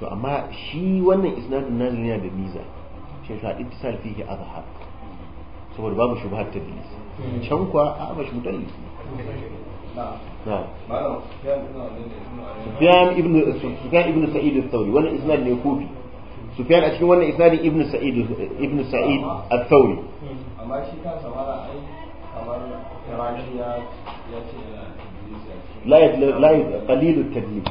to amma shi wannan isnadin na yana da miza shi sa ittisal fihi azhar saboda babu shubhat tadlis can kuwa amash mudallis Sufyan ibn Sa'id al-Thawri wannan isnad ne kofi سفيان a ابن سعيد ابن سعيد الثوري لا يدل... لا قليل التدليس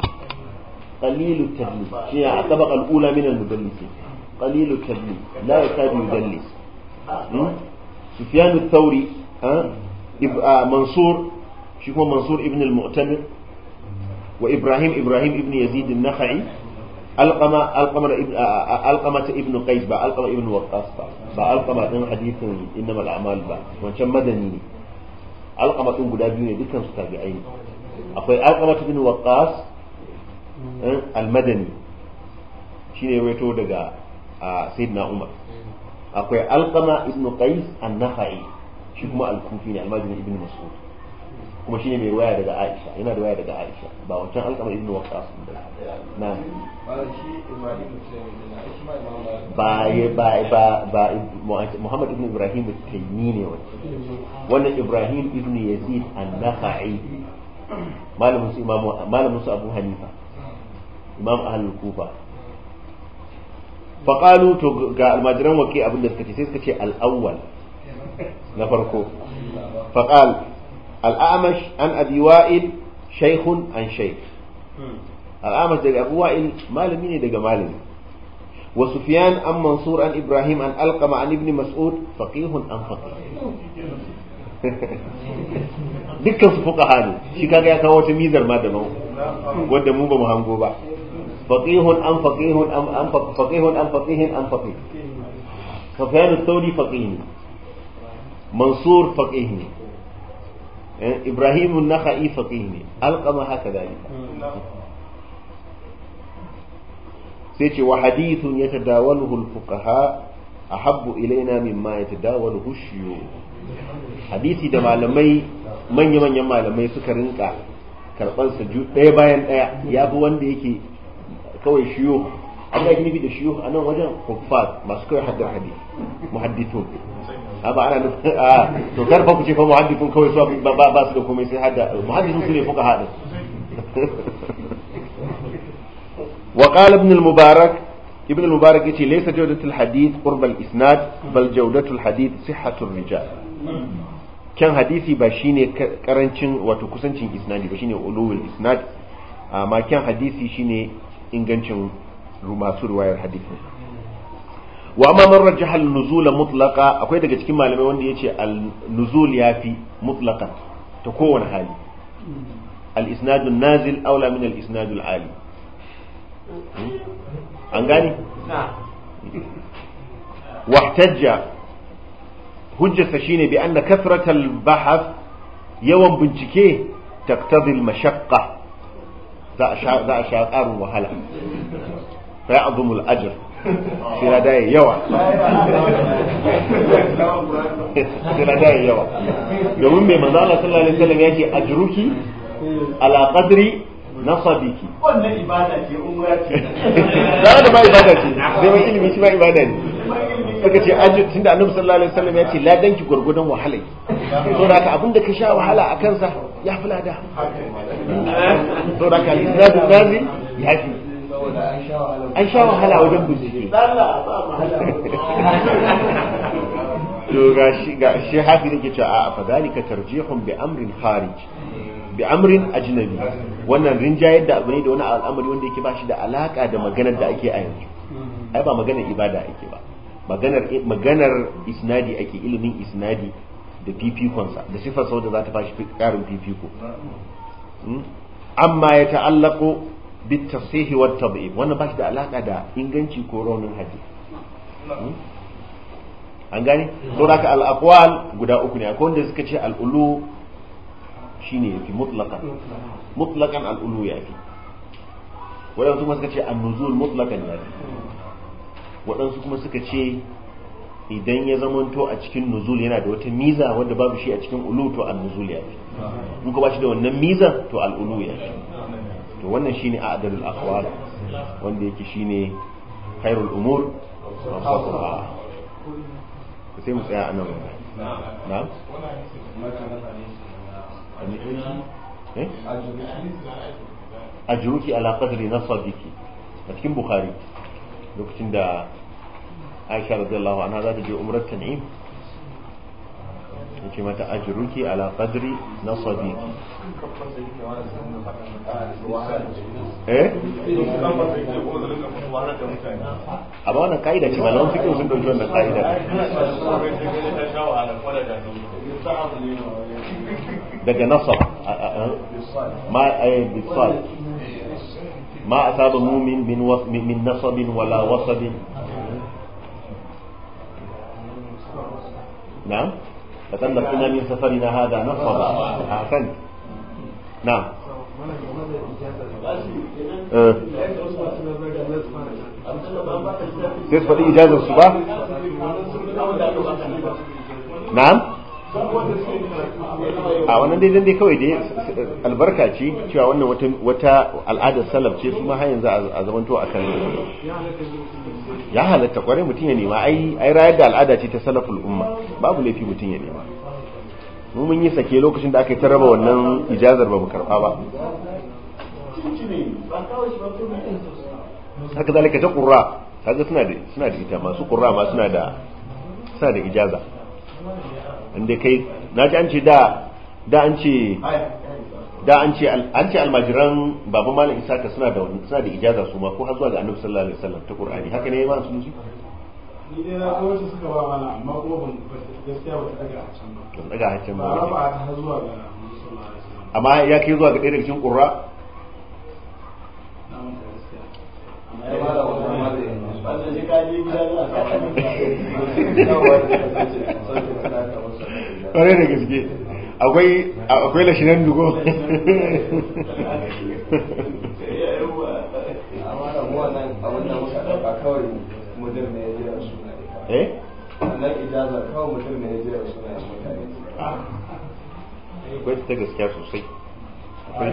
قليل التدليس هي الطبقة الأولى من المدلسين قليل التدليس لا يكاد يدلس سفيان الثوري ها يبقى آه، منصور شوفوا منصور ابن المعتمر وإبراهيم إبراهيم ابن يزيد النخعي alqama alqama alqama ta ibnu qais ba alqama ibnu waqqas ba ba alqama din hadithin al a'mal ba wancan madani ne alqama din guda biyu ne dukkan su tabi'ai akwai alqama ibnu waqqas eh, madani shine wato daga sayyidina umar akwai alqama ibnu qais an nahai shi kuma al-kufi ne madani ibnu mas'ud kuma shine mai waya daga Aisha yana da waya daga Aisha ba wancan alƙama ibn Waqqas ba na ba ba ba ba Muhammad ibn Ibrahim al-Taymi ne wannan Ibrahim ibn Yazid an-Nakhai malamin su imamu malamin su Abu Hanifa imam ahlul Kufa faqalu to ga almajiran waki abinda suka ce sai suka ce al-awwal na farko faqal al'amash an abi wa'il shaykhun an shaykh hmm. al'amash daga abu wa'il malami ne daga malami wa sufyan an mansur an ibrahim an alqama an Ibni mas'ud faqihun an faqih dukkan su fuqaha ne shi kaga ya kawo wata mizar ma daban wanda mu ba mu hango ba faqihun an faqihun an faqihun an faqihin an faqih sufyan ath-thawri faqih ne mansur faqih ne Eh, ibrahimu na haifa ne alƙama haka dalika sai ce wa hadithun ya ha a habbu ilaina mimma ya tadawaluhu shiyu hadisi da malamai manya-manyan malamai suka rinka karɓar sa ɗaya bayan ɗaya ya fi wanda yake kawai shiyu an da nufi da shiyu a nan wajen kuffar masu kawai haddar hadisi amma ana a to kar fa ku ce fa muhaddithun kawai su ba ba su da komai sai hadda muhaddithun su ne fuka hadin wa qala ibn al-mubarak ibn al-mubarak yace laysa jawdatul hadith qurba al-isnad bal jawdatul hadith sihhatur rijal kyan hadisi ba shine karancin wato kusancin isnadi ba shine ulul isnad amma kyan hadisi shine ingancin masu ruwayar hadisi wa amma man rajaha nuzula mutlaqa akwai daga cikin malamai wanda yace al-nuzul yafi mutlaqan ta kowane hali al-isnad nazil Awla min al-isnad al-ali hmm? an gani wahtajja hujjarsa shine bi anna kasratal bahath yawan bincike taktadil mashaqqa za a sha ƙarin wahala fa ya'zumul ajr sai na daya yawa sai na daya yawa domin mai manzo Allah sallallahu alaihi wasallam yake ajruki ala qadri nasabiki wannan ibada ce umra ce da ma ibada ce sai mai ilimi shi ma ibada ne suka ce ajin tunda annabi sallallahu alaihi wasallam ya ce ladan ki gurgudan wahala to da abin da ka sha wahala a kansa ya fi lada to da ka al-izadu nazi ya fi saboda an sha wahala an sha wahala wajen bincike Allah ba wahala to ga shi ga shi hafi ne ke cewa a fa zalika tarjihun bi amrin kharij bi amrin ajnabi wannan rinjayar da abu ne da wani al'amari wanda yake ba shi da alaka da maganar da ake a yanzu ai ba maganar ibada ake ba maganar maganar isnadi ake ilimin isnadi da fifikonsa da sifar sau da za ta fashi karin fifiko hmm? amma ya ta'allako بالتصحيح wannan ba shi da alaka da inganci ko raunin haji an gane to da al-aqwal guda uku ne akwai wanda suka ce al-ulu shine yafi mutlaqan mutlaqan al-ulu yafi wadansu kuma suka ce an-nuzul mutlaqan yafi wadansu kuma suka ce idan ya zamanto a cikin nuzul yana da wata miza wadda babu shi a cikin ulu to al-nuzul yafi in ko ba shi da wannan miza to al-ulu yafi to wannan shine a adalul aqwal wanda yake shine khairul umur wa sai mu tsaya anan na eh? ajruki ala qadri nasabiki a cikin bukhari lokacin da aisha radiyallahu anha za ta je umrar tan'im yace mata ajruki ala qadri nasabiki eh amma wannan kaida ce malaman fiqh sun dauki wannan kaida daga nasab ma ay bisal ما أصاب مؤمن من من نصب ولا وصب نعم لقد لقينا من سفرنا هذا نفضا أحسن نعم sai su إجازة الصباح نعم a wannan dai dai kawai dai albarka ce cewa wannan wata al'adar salaf ce su ma har yanzu a zamanto a kan ya halatta kwarai mutum ya nema ai ai rayar da al'ada ce ta salaful umma babu laifi mutum ya nema mun mun yi sake lokacin da aka yi ta raba wannan ijazar ba mu karba ba haka zalika ta qurra kaga suna da suna da ita masu qurra ma suna da suna da ijaza inda kai naji an ce da da an ce da an ce an ce almajiran baba malam isaka suna da suna da ijaza su ma ko har zuwa ga annabi sallallahu alaihi wasallam ta qur'ani haka ne ma sun ji ni dai na kawo shi suka ba mana amma kuma ban gaskiya ba ta daga can ba daga hakkin ba ba ta zuwa ga amma ya kai zuwa ga ɗaya daga cikin qurra Kare da gaske akwai akwai lashinan dugo eh akwai ta gaskiya sosai akwai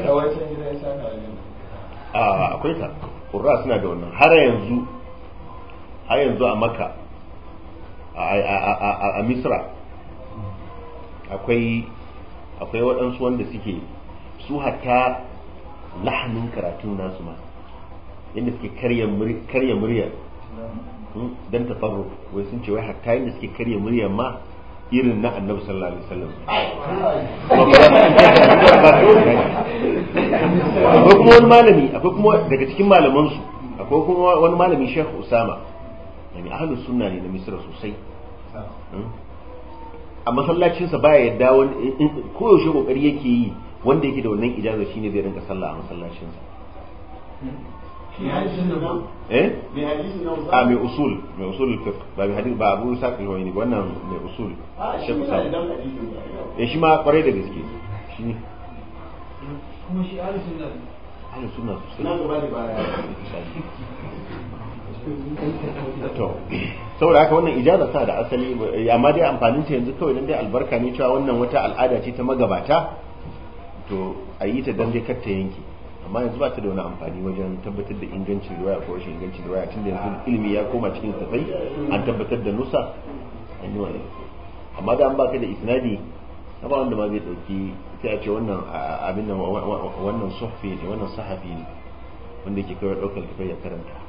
ta ƙura ah, suna da wannan har yanzu har yanzu a maka a misra akwai akwai waɗansu wanda suke su hatta lahanin karatu nasu ma inda suke karya murya hmm, don tafarro wai sun ce wai hatta inda suke karya murya ma irin na annabi sallallahu alaihi wasallam akwai kuma wani malami akwai kuma daga cikin malamansu akwai kuma wani malami shekhu usama yani ahalus sunna ne na misira sosai hmm? a masallacinsa ba ya yadda wani koyaushe kokari yake yi wanda yake da wannan ijaza shine zai rinka sallah a masallacinsa eh a ah, mai usul mai usul fiqh ba mai hadith ba abu saqil ne wannan mai usul ah, shekhu sa eh shi ma kware da gaske shi kuma shi ahlus sunna ahlus sunna sosai to saboda haka wannan ijaza ta da asali amma dai amfanin ta yanzu kawai nan dai albarka ne cewa wannan wata al'ada ce ta magabata to a yi ta dan dai kar ta yanke amma yanzu ba ta da wani amfani wajen tabbatar da ingancin riwaya ko rashin ingancin riwaya tun da yanzu ilimi ya koma cikin tafai an tabbatar da nusa amma da an baka da isnadi ba wanda ma zai dauki ta a ce wannan abin nan wannan ne wannan sahafi ne wanda ke kawai daukar tafai ya karanta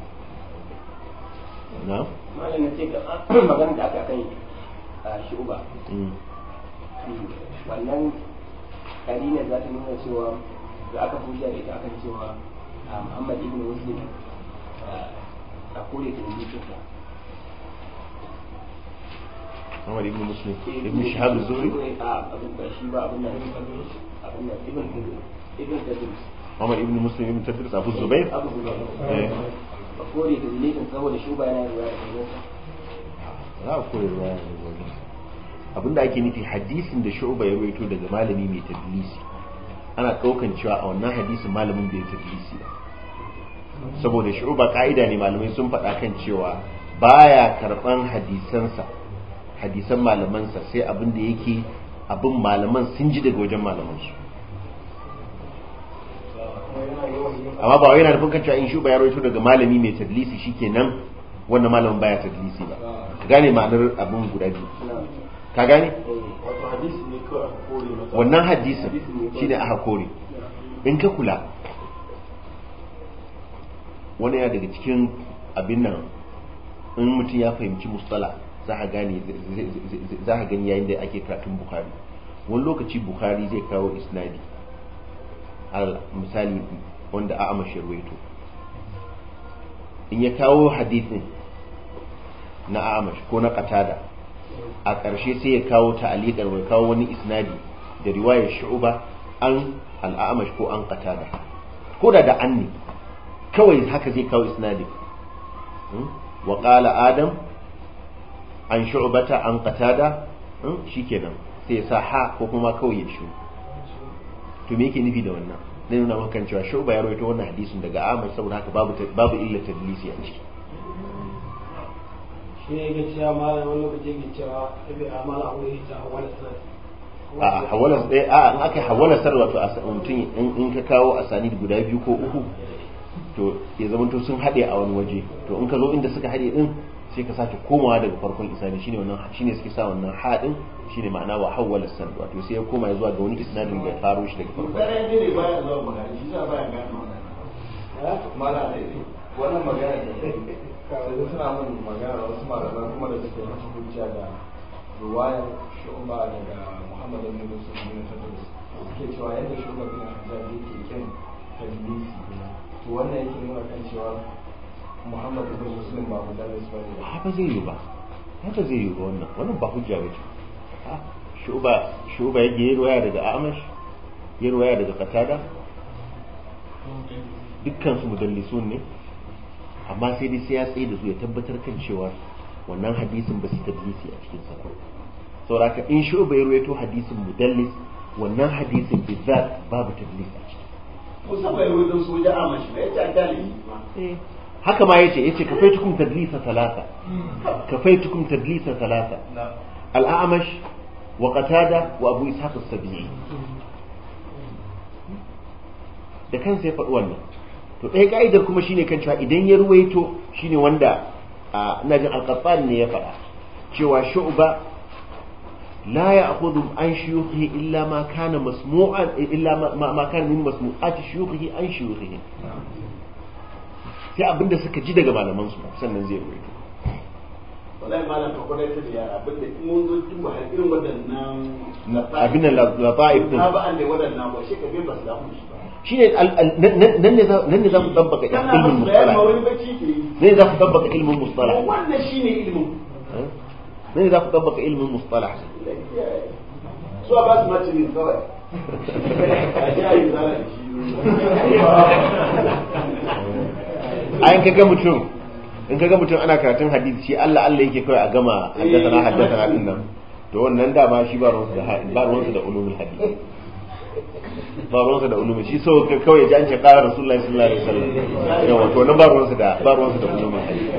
na malam da aka kai shuba mm. wannan karina za ta nuna cewa da aka fuja da ita akan cewa Muhammad ibn Muslim a kore ta Muhammad ibn Muslim ibn a abin da shi ba abin da abin da ibn Tadris Muhammad ibn Muslim ibn Tadris Abu Zubair Abu Zubair eh. a kore saboda shi ba yana ruwa da za a kore ruwa da Abin abinda ake nufi hadisin da shu'ba ya waito daga malami mai tadlisi ana ɗaukan cewa a wannan hadisin malamin bai tadlisi ba saboda shu'ba ka'ida ne malamai sun faɗa kan cewa baya karɓan hadisansa hadisan malamansa sai abin da yake abin malaman sun ji daga wajen malamansu amma ba wai yana da kan cewa in shuba ya rawaito daga malami mai tadlisi shikenan wannan malamin baya tadlisi ba ka gane ma'anar abin guda biyu ka gane wannan hadisin shine aka kore in ka kula wani ya daga cikin abin nan in mutum ya fahimci mustala za a gani yayin da ake karatun bukhari wani lokaci bukhari zai kawo isnadi misali wanda a amashi ruwaito in ya kawo hadisin na amash ko na qatada a ƙarshe sai ya kawo ta'aliqar wai kawo wani isnadi da riwayar shu'ba an al'amash ko an qatada ko da da anni kawai haka zai kawo isnadi hmm? wa qala adam an shu'bata an qatada hmm? shikenan sai ya sa ha ko kuma kawai ya shu to me yake nufi da wannan zai nuna maka cewa shau ba ya rawaito wannan hadisin daga Ahmad saboda haka babu babu illa tadlisi a ciki shi ne yake cewa malam wani lokaci cewa ibi amala ko ita awwal a hawala sai eh, a an aka hawala sar wato a mutum in ka kawo asani guda biyu ko uku to ya to sun hade a wani waje to in ka zo inda suka hade din sai ka sake komawa daga farkon isnadi shine wannan shine suke sa wannan hadin shine ma'ana wa hawwala sanad wato sai ya koma zuwa ga wani isnadin da ya faro shi daga farko eh, wannan magana ne kawai suna mun magana wasu malaman kuma da suke masu hujja da ruwayar shu'ba daga muhammad ibn musul bin tadrus suke cewa yadda shu'ba bin hajjaj yake kin tadlisi to wannan yake nuna kan cewa muhammad ibn muslim ba abdullahi ismail ba haka zai yi ba haka zai yi ba wannan wannan ba hujja ba ce shuba shuba yake yi waya daga amash yi waya daga katada dukkan su mudallisun ne amma sai dai sai ya tsaye da su ya tabbatar kan cewa wannan hadisin ba su tadlisi a cikin sa sauraka in shuba ya ruwaito hadisin mudallis wannan hadisin bizar babu tadlis a ciki ko saboda ya soja amash ba ya ta dalili ba haka ma yace yace kafaitukum tadlisa salasa kafaitukum tadlisa salasa al-a'mash wa qatada wa abu ishaq as-sabi'i da kan sai faɗi wannan to ɗaya ka'idar kuma shine kan cewa idan ya ruwaito shine wanda ina jin al ne ya faɗa cewa shu'ba la ya'khudhu an shuyukhi illa ma kana masmu'an illa ma kana min masmu'ati shuyukhi an shuyukhi sai abinda suka ji daga malaman su sannan zai ruwaito wallahi malam ka kwadai ta da abinda in mun zo tun har irin wadannan na abin nan lafa'ib din ba an da wadannan ba shi ka bi ba su da mu shi ba shine nan ne nan ne za ku tabbaka ilmin mustalah ne za ku tabbaka ilmin mustalah wannan shine ilmin ne za ku tabbaka ilmin mustalah su ba su mace ne kawai a ji a yi zara da shi ayin kaga mutum in kaga mutum ana karatun hadisi shi Allah Allah yake kawai a gama haddasa eh. haddasa din nan to wannan dama shi ba ruwansa da ba ruwansa da ulumul hadisi ba ruwansa da ulumul shi so kawai ji an ce qala rasulullahi sallallahu alaihi wasallam yawa to nan ba ruwansa da ba ruwansa da ulumul hadisi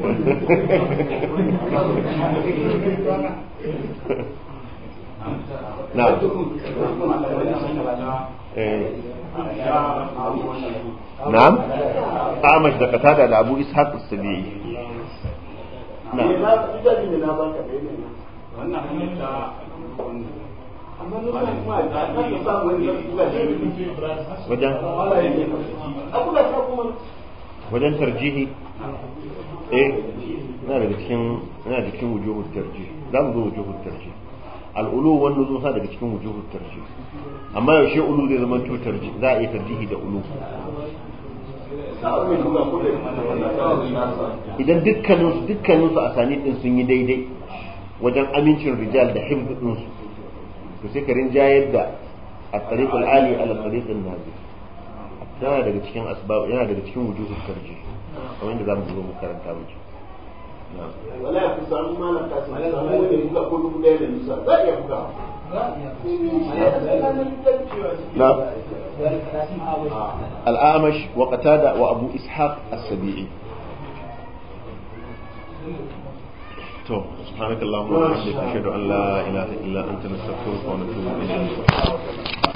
na'am eh. na'am amash da da abu ishaq as-sabi'i wajen tarjihi cikin na daga cikin wujuhul tarjih za mu zo wujuhul tarjih cikin amma yaushe ulu zai zama to tarjih za a yi tarjihi da ulu idan dukkaninsu dukkaninsu a sani din sun yi daidai wajen amincin rijal da hifz din su to sai ka jayar da a tsarikul al-ali ala tariq yana daga cikin asbab yana daga cikin wujuhul tarjih kamar yadda mu zo mu karanta miki wala fi samu malaka su ne ko da buga ko dubu da nisa za a iya buga لا الأعمش وقتادة وأبو إسحاق السبيعي سبحانك اللهم وبحمدك أشهد أن لا إله إلا أنت نستغفرك ونتوب إليك